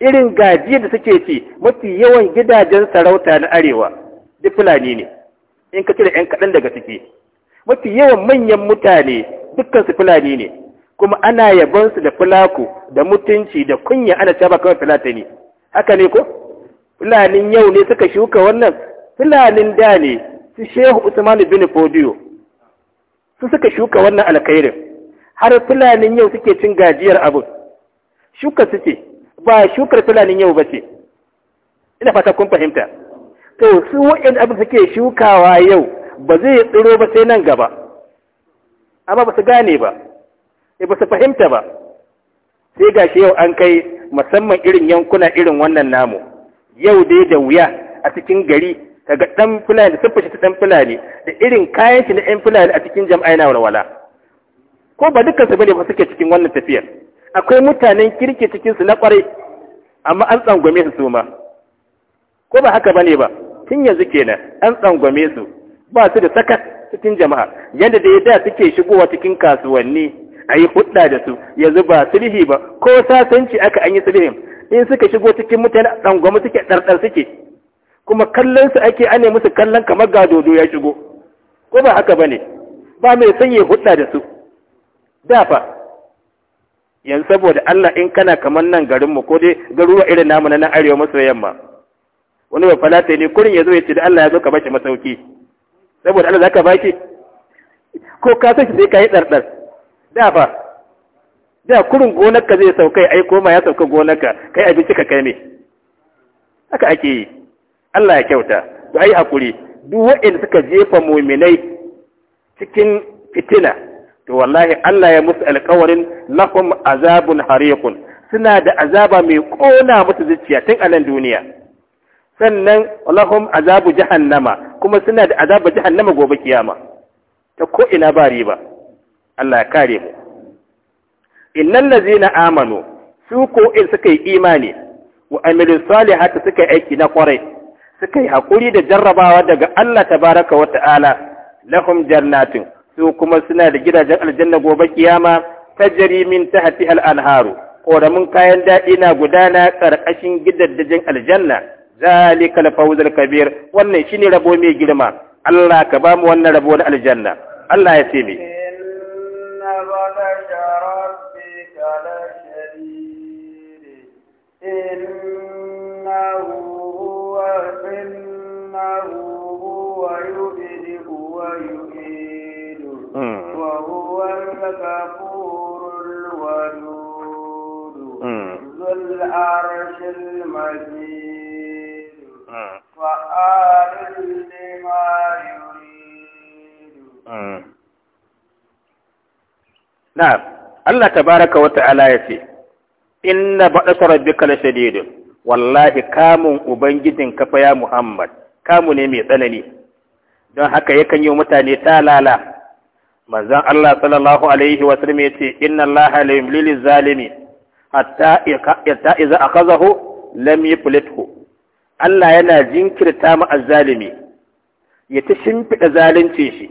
irin gajiyar da suke ci mafi yawan gidajen sarauta na arewa duk fulani ne in ka cire 'yan kaɗan daga ciki mafi yawan manyan mutane dukkan su fulani ne kuma ana yabonsu da fulaku da mutunci da kunya ana cewa ba kawai fulata ne haka ne ko fulanin yau ne suka shuka wannan fulanin da ne su shehu Usmanu bin fodiyo su suka shuka wannan alkhairin har fulanin yau suke cin gajiyar abu shuka suke ba shukar fulanin yau ba ce ina fata kun fahimta to su wa'in abu suke shukawa yau ba zai tsiro ba sai nan gaba amma ba su gane ba sai eh, ba su fahimta ba sai ga shi yau an kai musamman irin yankuna irin wannan namu yau dai da wuya a cikin gari kaga ɗan fulani da sufashi ta ɗan fulani da irin kayan shi na ɗan fulani a cikin jam'a na walwala ko ba dukkan su bane ba suke cikin wannan tafiyar akwai mutanen kirki cikin su na kwarai amma an tsangwame su suma. ko ba haka bane ba tun yanzu kenan an tsangwame su ba su da saka cikin jama'a yadda da ya da suke shigowa cikin kasuwanni a yi hudda da su yanzu ba sulhi ba ko sasanci aka an yi sulhin in suka shigo cikin mutane tsangwama suke ɗarɗar suke kuma kallon su ake ane musu kallon kamar ga dodo ya shigo ko ba haka ba ne ba mai sanya hudda da su dafa yanzu saboda Allah in kana kamar nan garinmu ko dai garuwa irin namu na nan arewa maso yamma wani ba falata ne kurin ya zo ya ce da Allah ya zo ka bashi masauki saboda Allah za ka baki ko ka san shi sai ka yi ɗarɗar da da kurin gonarka zai sauka ai koma ya sauka gonarka kai abinci ka kai ne haka ake yi Allah ya kyauta to ai hakuri duk waɗanda suka jefa muminai cikin fitina to wallahi Allah ya musu alƙawarin lahum azabun hariqun suna da azaba mai kona musu zuciya tun a nan duniya sannan lahum azabu jahannama kuma suna da azabu jahannama gobe kiyama ta ko ina ba riba Allah ya kare mu innal ladzina amanu su ko in suka yi imani wa amilu salihata suka yi aiki na kwarai suka yi hakuri da jarrabawa daga Allah baraka wa ta'ala lahum jannatin su kuma suna da gidajen aljanna gobe kiyama tajri min ta al-anharu ƙoramin kayan daɗi na gudana ƙarƙashin gidajen aljanna zalikal fawzul kabir wannan shine rabo mai girma Allah ka ba mu wannan rabo na aljanna Allah ya ce mai بطش ربك لشديد إنه هو إنه هو يبدئ ويعيد وهو الكفور الودود ذو العرش المجيد فآل لما يريد Na'a, Allah tabaraka wa ta'ala ya ce inna ba'sa rabbika lashadid wallahi kamun ubangijin kafa ya Muhammad kamu ne mai tsanani don haka yakan yi mutane lala. manzon Allah sallallahu alaihi wa sallam ya ce inna Allah la yumlil zalimi hatta hatta idza akhadhahu lam yuflithu Allah yana jinkirta ma zalimi. ya ta shimfida zalunci shi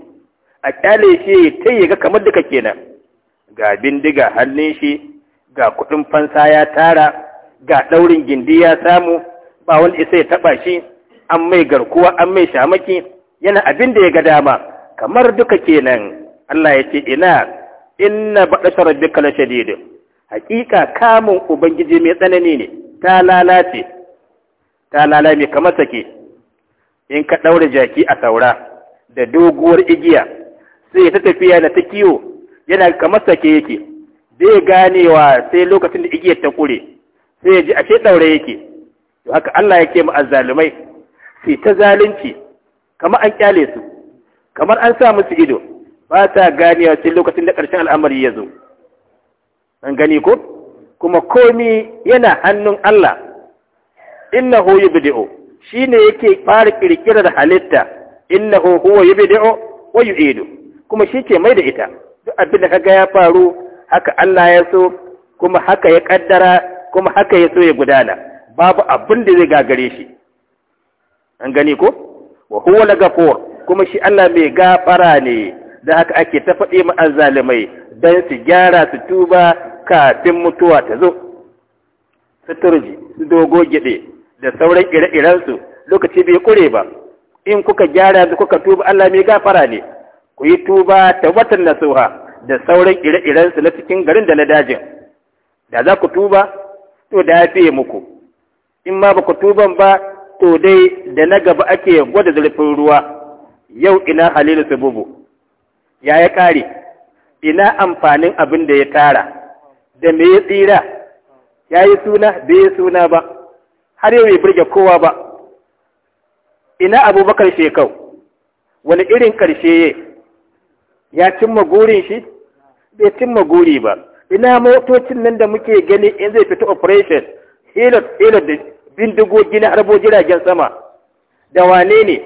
a ƙyale shi ya ta yi ga kamar duka kenan ga bindiga hannun shi ga kuɗin fansa ya tara ga ɗaurin gindi ya samu ba wanda isa ya taɓa shi an mai garkuwa an mai shamaki yana abin da ya ga dama kamar duka kenan Allah ya ce ina inna baɗasha rabbika la shadid hakika kamun ubangiji mai tsanani ne ta lalace ta lalace kamar sake in ka ɗaura jaki a saura da doguwar igiya sai ta tafiya da ta kiwo yana kamar sake yake zai ganewa sai lokacin da igiyar ta kure sai ya ji ashe daure yake to haka Allah yake mu azzalumai sai ta zalunci kamar an kyale su kamar an sa musu ido ba ta ganewa sai lokacin da ƙarshen al'amari ya zo an gani ko kuma komi yana hannun Allah innahu yubdi'u shine yake fara kirkirar halitta innahu huwa yubdi'u wa yu'idu kuma shi ke mai da ita duk abin da kaga ya faru haka Allah ya so kuma haka ya kaddara kuma haka ya so ya gudana babu abin da zai gagare shi an gani ko wa huwa lagafur kuma shi Allah mai gafara ne da haka ake ta faɗi ma azzalimai dan su gyara su tuba kafin mutuwa ta zo su turji su dogo gide da sauran ire-irensu lokaci bai kure ba in kuka gyara da kuka tuba Allah mai gafara ne ku yi tuba ta watan nasuha da sauran ire-iren su na cikin garin da na dajin da za ku tuba to da ya fiye muku in ma ba ku tuban ba to dai da na gaba ake gwada zurfin ruwa yau ina halilu sububu ya ya kare ina amfanin abin da ya tara da me ya tsira ya yi suna bai yi suna ba har yau ya burge kowa ba ina abubakar shekau wani irin ƙarshe ya cimma gurin shi bai cimma guri ba ina motocin nan da muke gani in zai fita operation helot helot da bindigogi na harbo jiragen sama da wane ne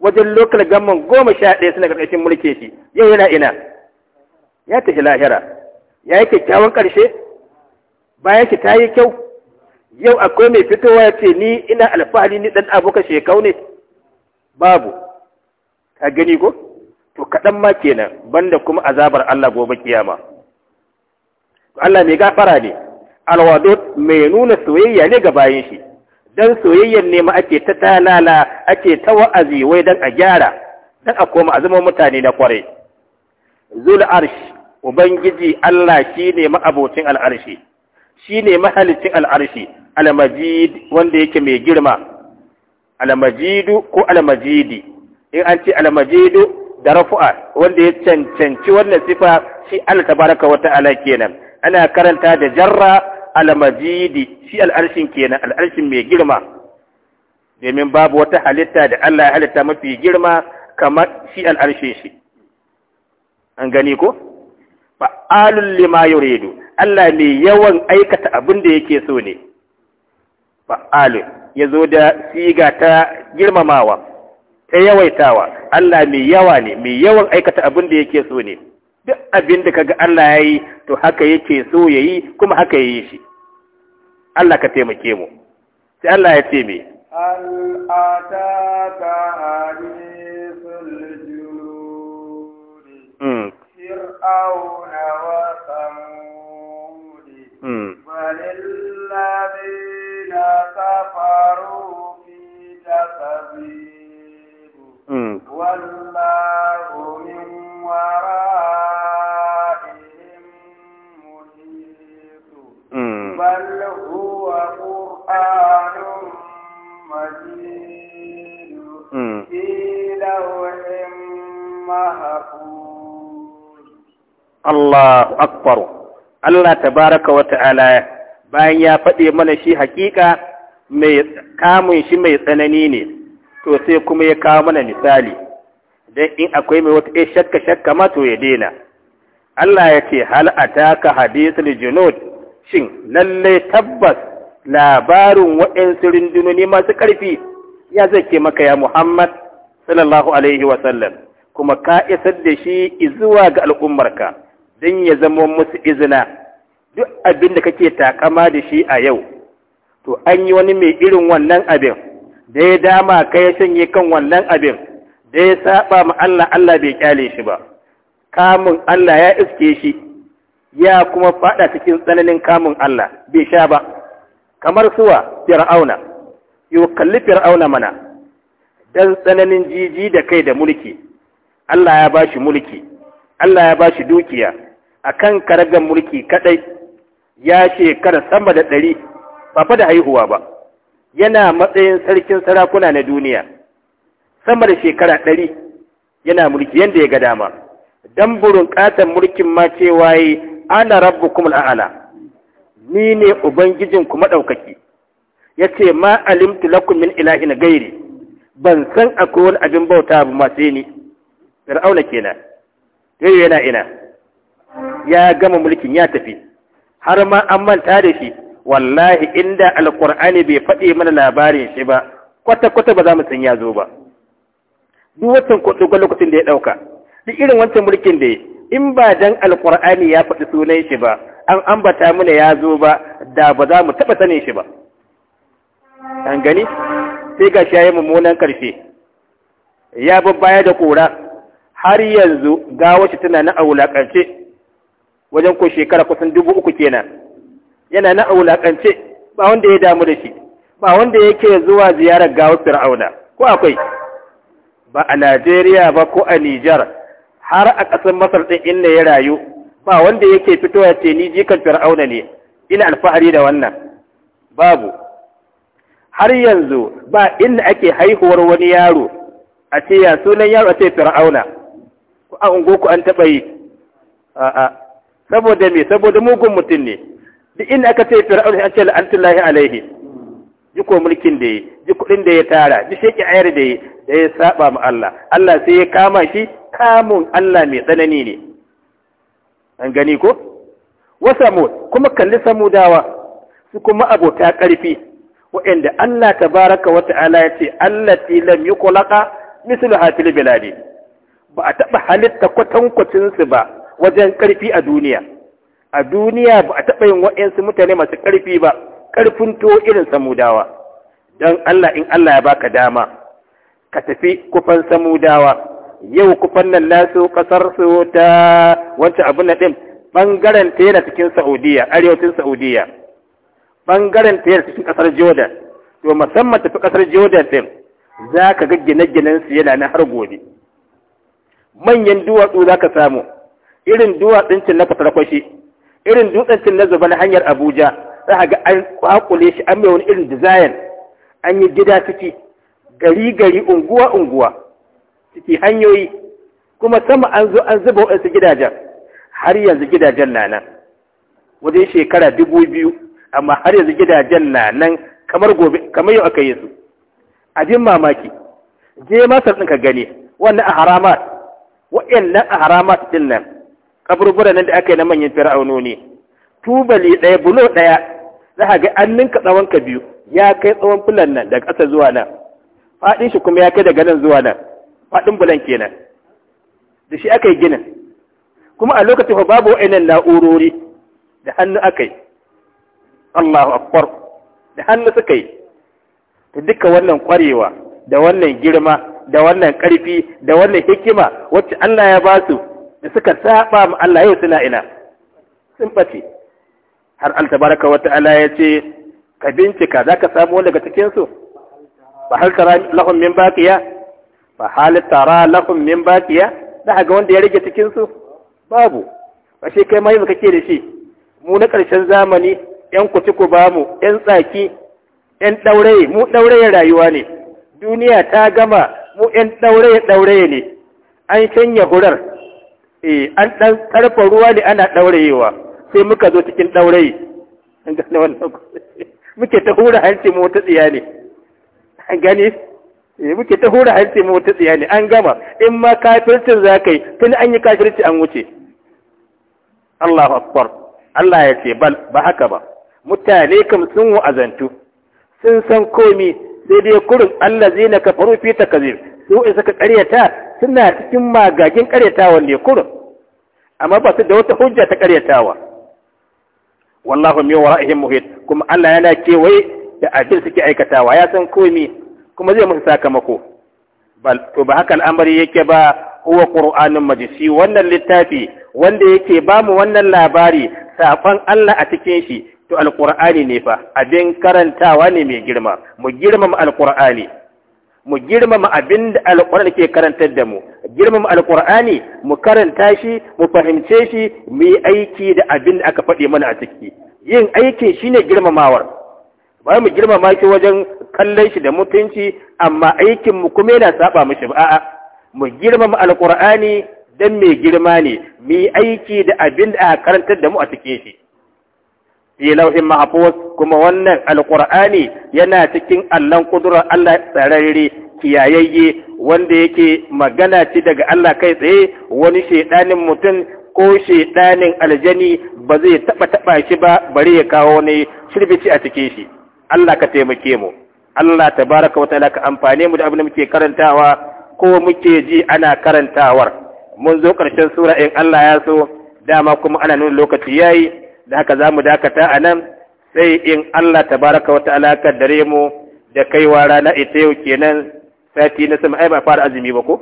wajen local government goma sha ɗaya suna ƙarƙashin mulke shi yau yana ina ya tafi lahira ya yi kyakkyawan ƙarshe bayan ki ta yi kyau yau akwai mai fitowa ya ce ni ina alfahari ni ɗan abokan shekau ne babu ka gani ko to kaɗan ma kenan banda kuma azabar Allah gobe kiyama Allah mai gafara ne alwado mai nuna soyayya ne ga bayan shi Don soyayyar ne ma ake ta talala ake ta wa'azi wai don a gyara don a koma a zama mutane na kwarai. zul arshi, ubangiji Allah shi shine ma'abocin al'arshi Shi shine mahalicin al'arshi al-majid wanda yake mai girma al-majidu ko al-majidi in an ce al-majidu da rafu'a wanda ya cancanci wannan sifa shi Allah tabaraka wa ta'ala kenan ana karanta da jarra al-majidi shi al'arshin kenan al'arshin mai girma domin babu wata halitta da Allah ya halitta mafi girma kamar shi al'arshin shi an gani ko fa'alul lima yuridu Allah mai yawan aikata abin da yake so ne fa'alul zo da siga ta girmamawa ta yawaitawa Allah mai yawa ne mai yawan aikata abin da yake so ne duk abin da kaga Allah ya yi to haka yake so ya yi kuma haka ya yi shi Allah ka taimake mu sai Allah ya ce me al'ataka hadisul jurud hmm. fir'aun akbar Allah tabaraka wa ta'ala bayan ya faɗe mana shi hakika mai kamun shi mai tsanani ne to sai kuma ya kawo mana misali dan in akwai mai wata shakka shakka ma to ya daina Allah ya ce hal ataka hadithul junud shin lalle tabbas labarin waɗansu rundunoni masu ƙarfi ya zake maka ya Muhammad sallallahu alaihi wa sallam kuma ka isar da shi zuwa ga al'ummarka don ya zama musu izina duk abin da kake takama da shi a yau to an yi wani mai irin wannan abin da ya dama ka ya shanye kan wannan abin da ya saba ma Allah Allah bai kyale shi ba kamun Allah ya iske shi ya kuma fada cikin tsananin kamun Allah bai sha ba kamar suwa fir'auna yau kalli fir'auna mana dan tsananin jiji da kai da mulki Allah ya ba shi mulki Allah ya ba shi dukiya akan karagar mulki kaɗai, ya shekara sama da ɗari ba fa da haihuwa ba yana matsayin sarkin sarakuna na duniya sama da shekara ɗari yana mulki yadda ya ga dama Don burin katon mulkin ma cewa yi ana rabu kuma la'ala ni ne ubangijin kuma ɗaukaki ya ce ma alimtu lakum min ilahin gairi ban san akwai wani abin bauta ba masu ni fir'auna kenan yana ina ya gama mulkin ya tafi har ma an manta da shi wallahi inda Alƙur'ani bai faɗi mana labarin shi ba kwata-kwata ba za mu san ya zo ba duk wancan dogon lokacin da ya ɗauka duk irin wancan mulkin da ya in ba dan alkur'ani ya faɗi sunan shi ba an ambata mana ya zo ba da ba za mu taɓa sanin shi ba an gani sai ga yi mummunan ƙarshe ya babbaya da kura har yanzu ga wacce tana na a wulaƙance wajen ko shekara kusan dubu uku kenan yana na wulakance ba wanda ya damu da shi ba wanda yake zuwa ziyarar gawar fir'auna ko akwai ba a Najeriya ba ko a Nijar har a ƙasar Masar ɗin inda ya rayu ba wanda yake ya ce ni jikan fir'auna ne ina alfahari da wannan babu har yanzu ba inda ake haihuwar wani yaro a ce ya sunan yaro a ce fir'auna ko a ungo ku an taɓa yi a'a saboda me saboda mugun mutum ne duk inda aka ce fir'aun an ce la'antullahi alaihi ji mulkin da yi ji kuɗin da ya tara ji sheki ayar da yi da ya saba ma Allah Allah sai ya kama shi kamun Allah mai tsanani ne an gani ko wa samud kuma kalli samudawa su kuma abota karfi wa'anda Allah tabaraka wa ta'ala ya ce allati lam yuqlaqa mislu hatil biladi ba a taɓa halitta kwatankwacinsu ba wajen ƙarfi a duniya a duniya ba a taɓa yin waɗansu mutane masu ƙarfi ba ƙarfin to irin samudawa don Allah in Allah ya baka dama ka tafi kufan samudawa yau kufan nan nasu ƙasar su ta wancan abin ɗin ɓangaren ta yana cikin Saudiya arewacin Saudiyya, ɓangaren ta yana cikin ƙasar Jordan to musamman tafi ƙasar Jordan ɗin za ka ga gine ginen su yana na har gobe manyan duwatsu za ka samu irin cin na kasarkwashi irin dutsen na zuba na hanyar abuja za ga an kwakule shi an mai wani irin dizayen. an yi gida ciki gari gari unguwa unguwa ciki hanyoyi kuma sama an zo an zuba waɗansu gidajen har yanzu gidajen na nan wajen shekara dubu biyu amma har yanzu gidajen na nan kamar gobe kamar yau aka yi su abin mamaki je masar ɗinka gani wannan a haramat waɗannan a haramat din nan kaburbura nan da aka yi na manyan fir'aunoni tubali ɗaya bulo ɗaya za ka ga an ninka tsawon ka biyu ya kai tsawon fulan nan daga ƙasa zuwa nan faɗin shi kuma ya kai daga nan zuwa nan faɗin bulan kenan da shi aka yi ginin kuma a lokacin babu wa'annan na'urori da hannu aka yi Allahu akbar da hannu suka yi da duka wannan kwarewa da wannan girma da wannan ƙarfi da wannan hikima wacce Allah ya ba su da suka saba ma Allah yau suna ina sun bace har al tabaraka wa ta'ala ya ce ka bincika za ka samu wanda daga cikin su fa hal tara lahum min baqiya fa hal tara lahum min baqiya da ga wanda ya rage cikin su babu ashe kai ma yanzu kake da shi mu na ƙarshen zamani yan kutuku ba mu yan tsaki yan ɗauraye mu ɗaurayen rayuwa ne duniya ta gama mu yan ɗauraye ɗauraye ne an shanya hurar eh an dan karfa ruwa ne ana daurayewa sai muka zo cikin daurayi gane wannan muke ta hura hanci mu wata tsiya ne an eh muke ta hura hanci mu wata tsiya ne an gama in ma kafircin zakai tun an yi kafirci an wuce Allahu akbar Allah ya ce bal ba haka ba mutane kam sun wa'azantu sun san komi sai dai kurin Allah zai na kafaru fi takazir su isa ka karyata suna cikin magagin karyata wanda ya kurin amma ba su da wata hujja ta karyatawa wallahu min wara'ihim muhit kuma Allah yana kewaye da abin suke aikatawa ya san komi kuma zai musu sakamako bal to ba haka al'amari yake ba huwa qur'anun majisi wannan littafi wanda yake ba mu wannan labari safan Allah a cikin shi to alqur'ani ne fa abin karantawa ne mai girma mu girmama alqur'ani mu girmama abin da alƙur'ani ke karantar da mu girmama alƙur'ani mu karanta shi mu fahimce shi mu yi aiki da abin da aka faɗi mana a ciki yin aikin shine girmamawar ba mu girmama shi wajen kallon shi da mutunci amma aikin mu kuma yana saba mishi shi. a'a mu girmama alƙur'ani dan mai girma ne mu yi aiki da abin da aka karantar da mu a cikin shi fi lauhin mahfuz kuma wannan alqur'ani yana cikin allan kudura Allah tsararre kiyayayye wanda yake magana ci daga Allah kai tsaye wani shedanin mutum ko shedanin aljani ba zai taba taba shi ba bare ya kawo ne shirbici a cikin shi Allah ka taimake mu Allah tabaraka wa ta'ala ka amfane mu da abin da muke karantawa ko muke ji ana karantawar mun zo karshen sura in Allah ya so dama kuma ana nuna lokaci yayi da haka za mu dakata a nan sai in Allah ta baraka wata alaƙa dare mu da kaiwa rana ita yau kenan sati na sama ai ba fara azumi ba ko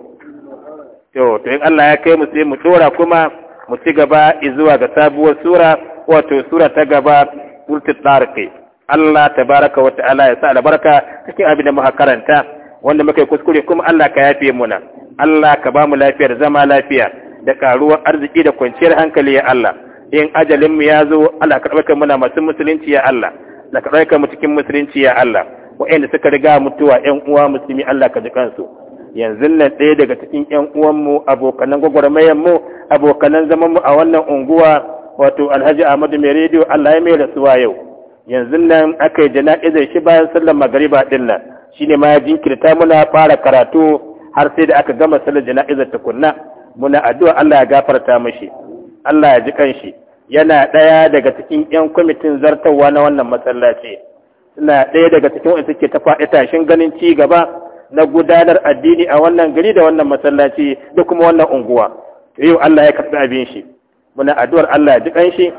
to in Allah ya kai mu sai mu tsora kuma mu ci gaba zuwa ga sabuwar sura wato sura ta gaba suratul tariq Allah baraka wa ta'ala ya sa albarka cikin abin da muka karanta wanda muka yi kuskure kuma Allah ka yafe muna Allah ka ba mu lafiyar zama lafiya da karuwar arziki da kwanciyar hankali ya Allah in ajalinmu ya zo Allah ka ɗaukar mu na masu musulunci ya Allah da ka ɗaukar mu cikin musulunci ya Allah waɗanda suka riga mutuwa ƴan uwa musulmi Allah ka ji kansu yanzu nan ɗaya daga cikin ƴan uwan mu abokanan gwagwarmayan mu abokanan zaman mu a wannan unguwa wato Alhaji Ahmadu mai rediyo Allah ya mai rasuwa yau yanzu nan aka yi jana'izar shi bayan sallar magariba din nan shine ma ya jinkirta muna fara karatu har sai da aka gama sallar jana'izar tukunna muna addu'a Allah ya gafarta mishi Allah ya ji kanshi yana ɗaya daga cikin 'yan kwamitin zartarwa na wannan masallaci suna ɗaya daga cikin wanda suke ta faɗi tashin ganin ci gaba na gudanar addini a wannan gari da wannan masallaci da kuma wannan unguwa yau Allah ya karɓi abin shi muna addu'ar Allah ya ji kanshi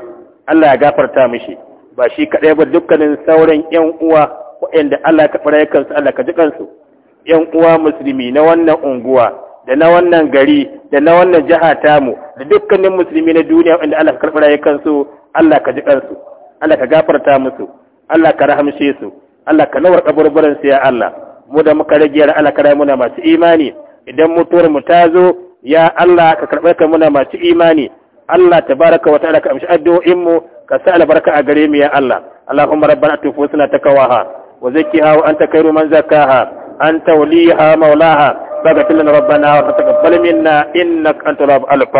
Allah ya gafarta mishi ba shi kaɗai ba dukkanin sauran 'yan uwa waɗanda Allah ka karɓi rayukansu Allah ka ji kansu 'yan uwa musulmi na wannan unguwa da na wannan gari da na wannan jiha tamu da dukkanin musulmi na duniya inda Allah ka karɓi su Allah ka ji kansu Allah ka gafarta musu Allah ka rahamshe su Allah ka nawar kaburburan su ya Allah mu da muka rage yar Allah ka muna masu imani idan mutuwar mu ta zo ya Allah ka karɓe ka muna masu imani Allah tabaraka wa ta'ala ka amshi addu'o'in mu ka sa albarka a gare mu ya Allah Allahumma rabbana atufu suna takawaha wa zakkiha wa anta khairu man zakkaha أنت وليها مولاها بابا كلنا ربنا وتقبل منا إنك أنت الأب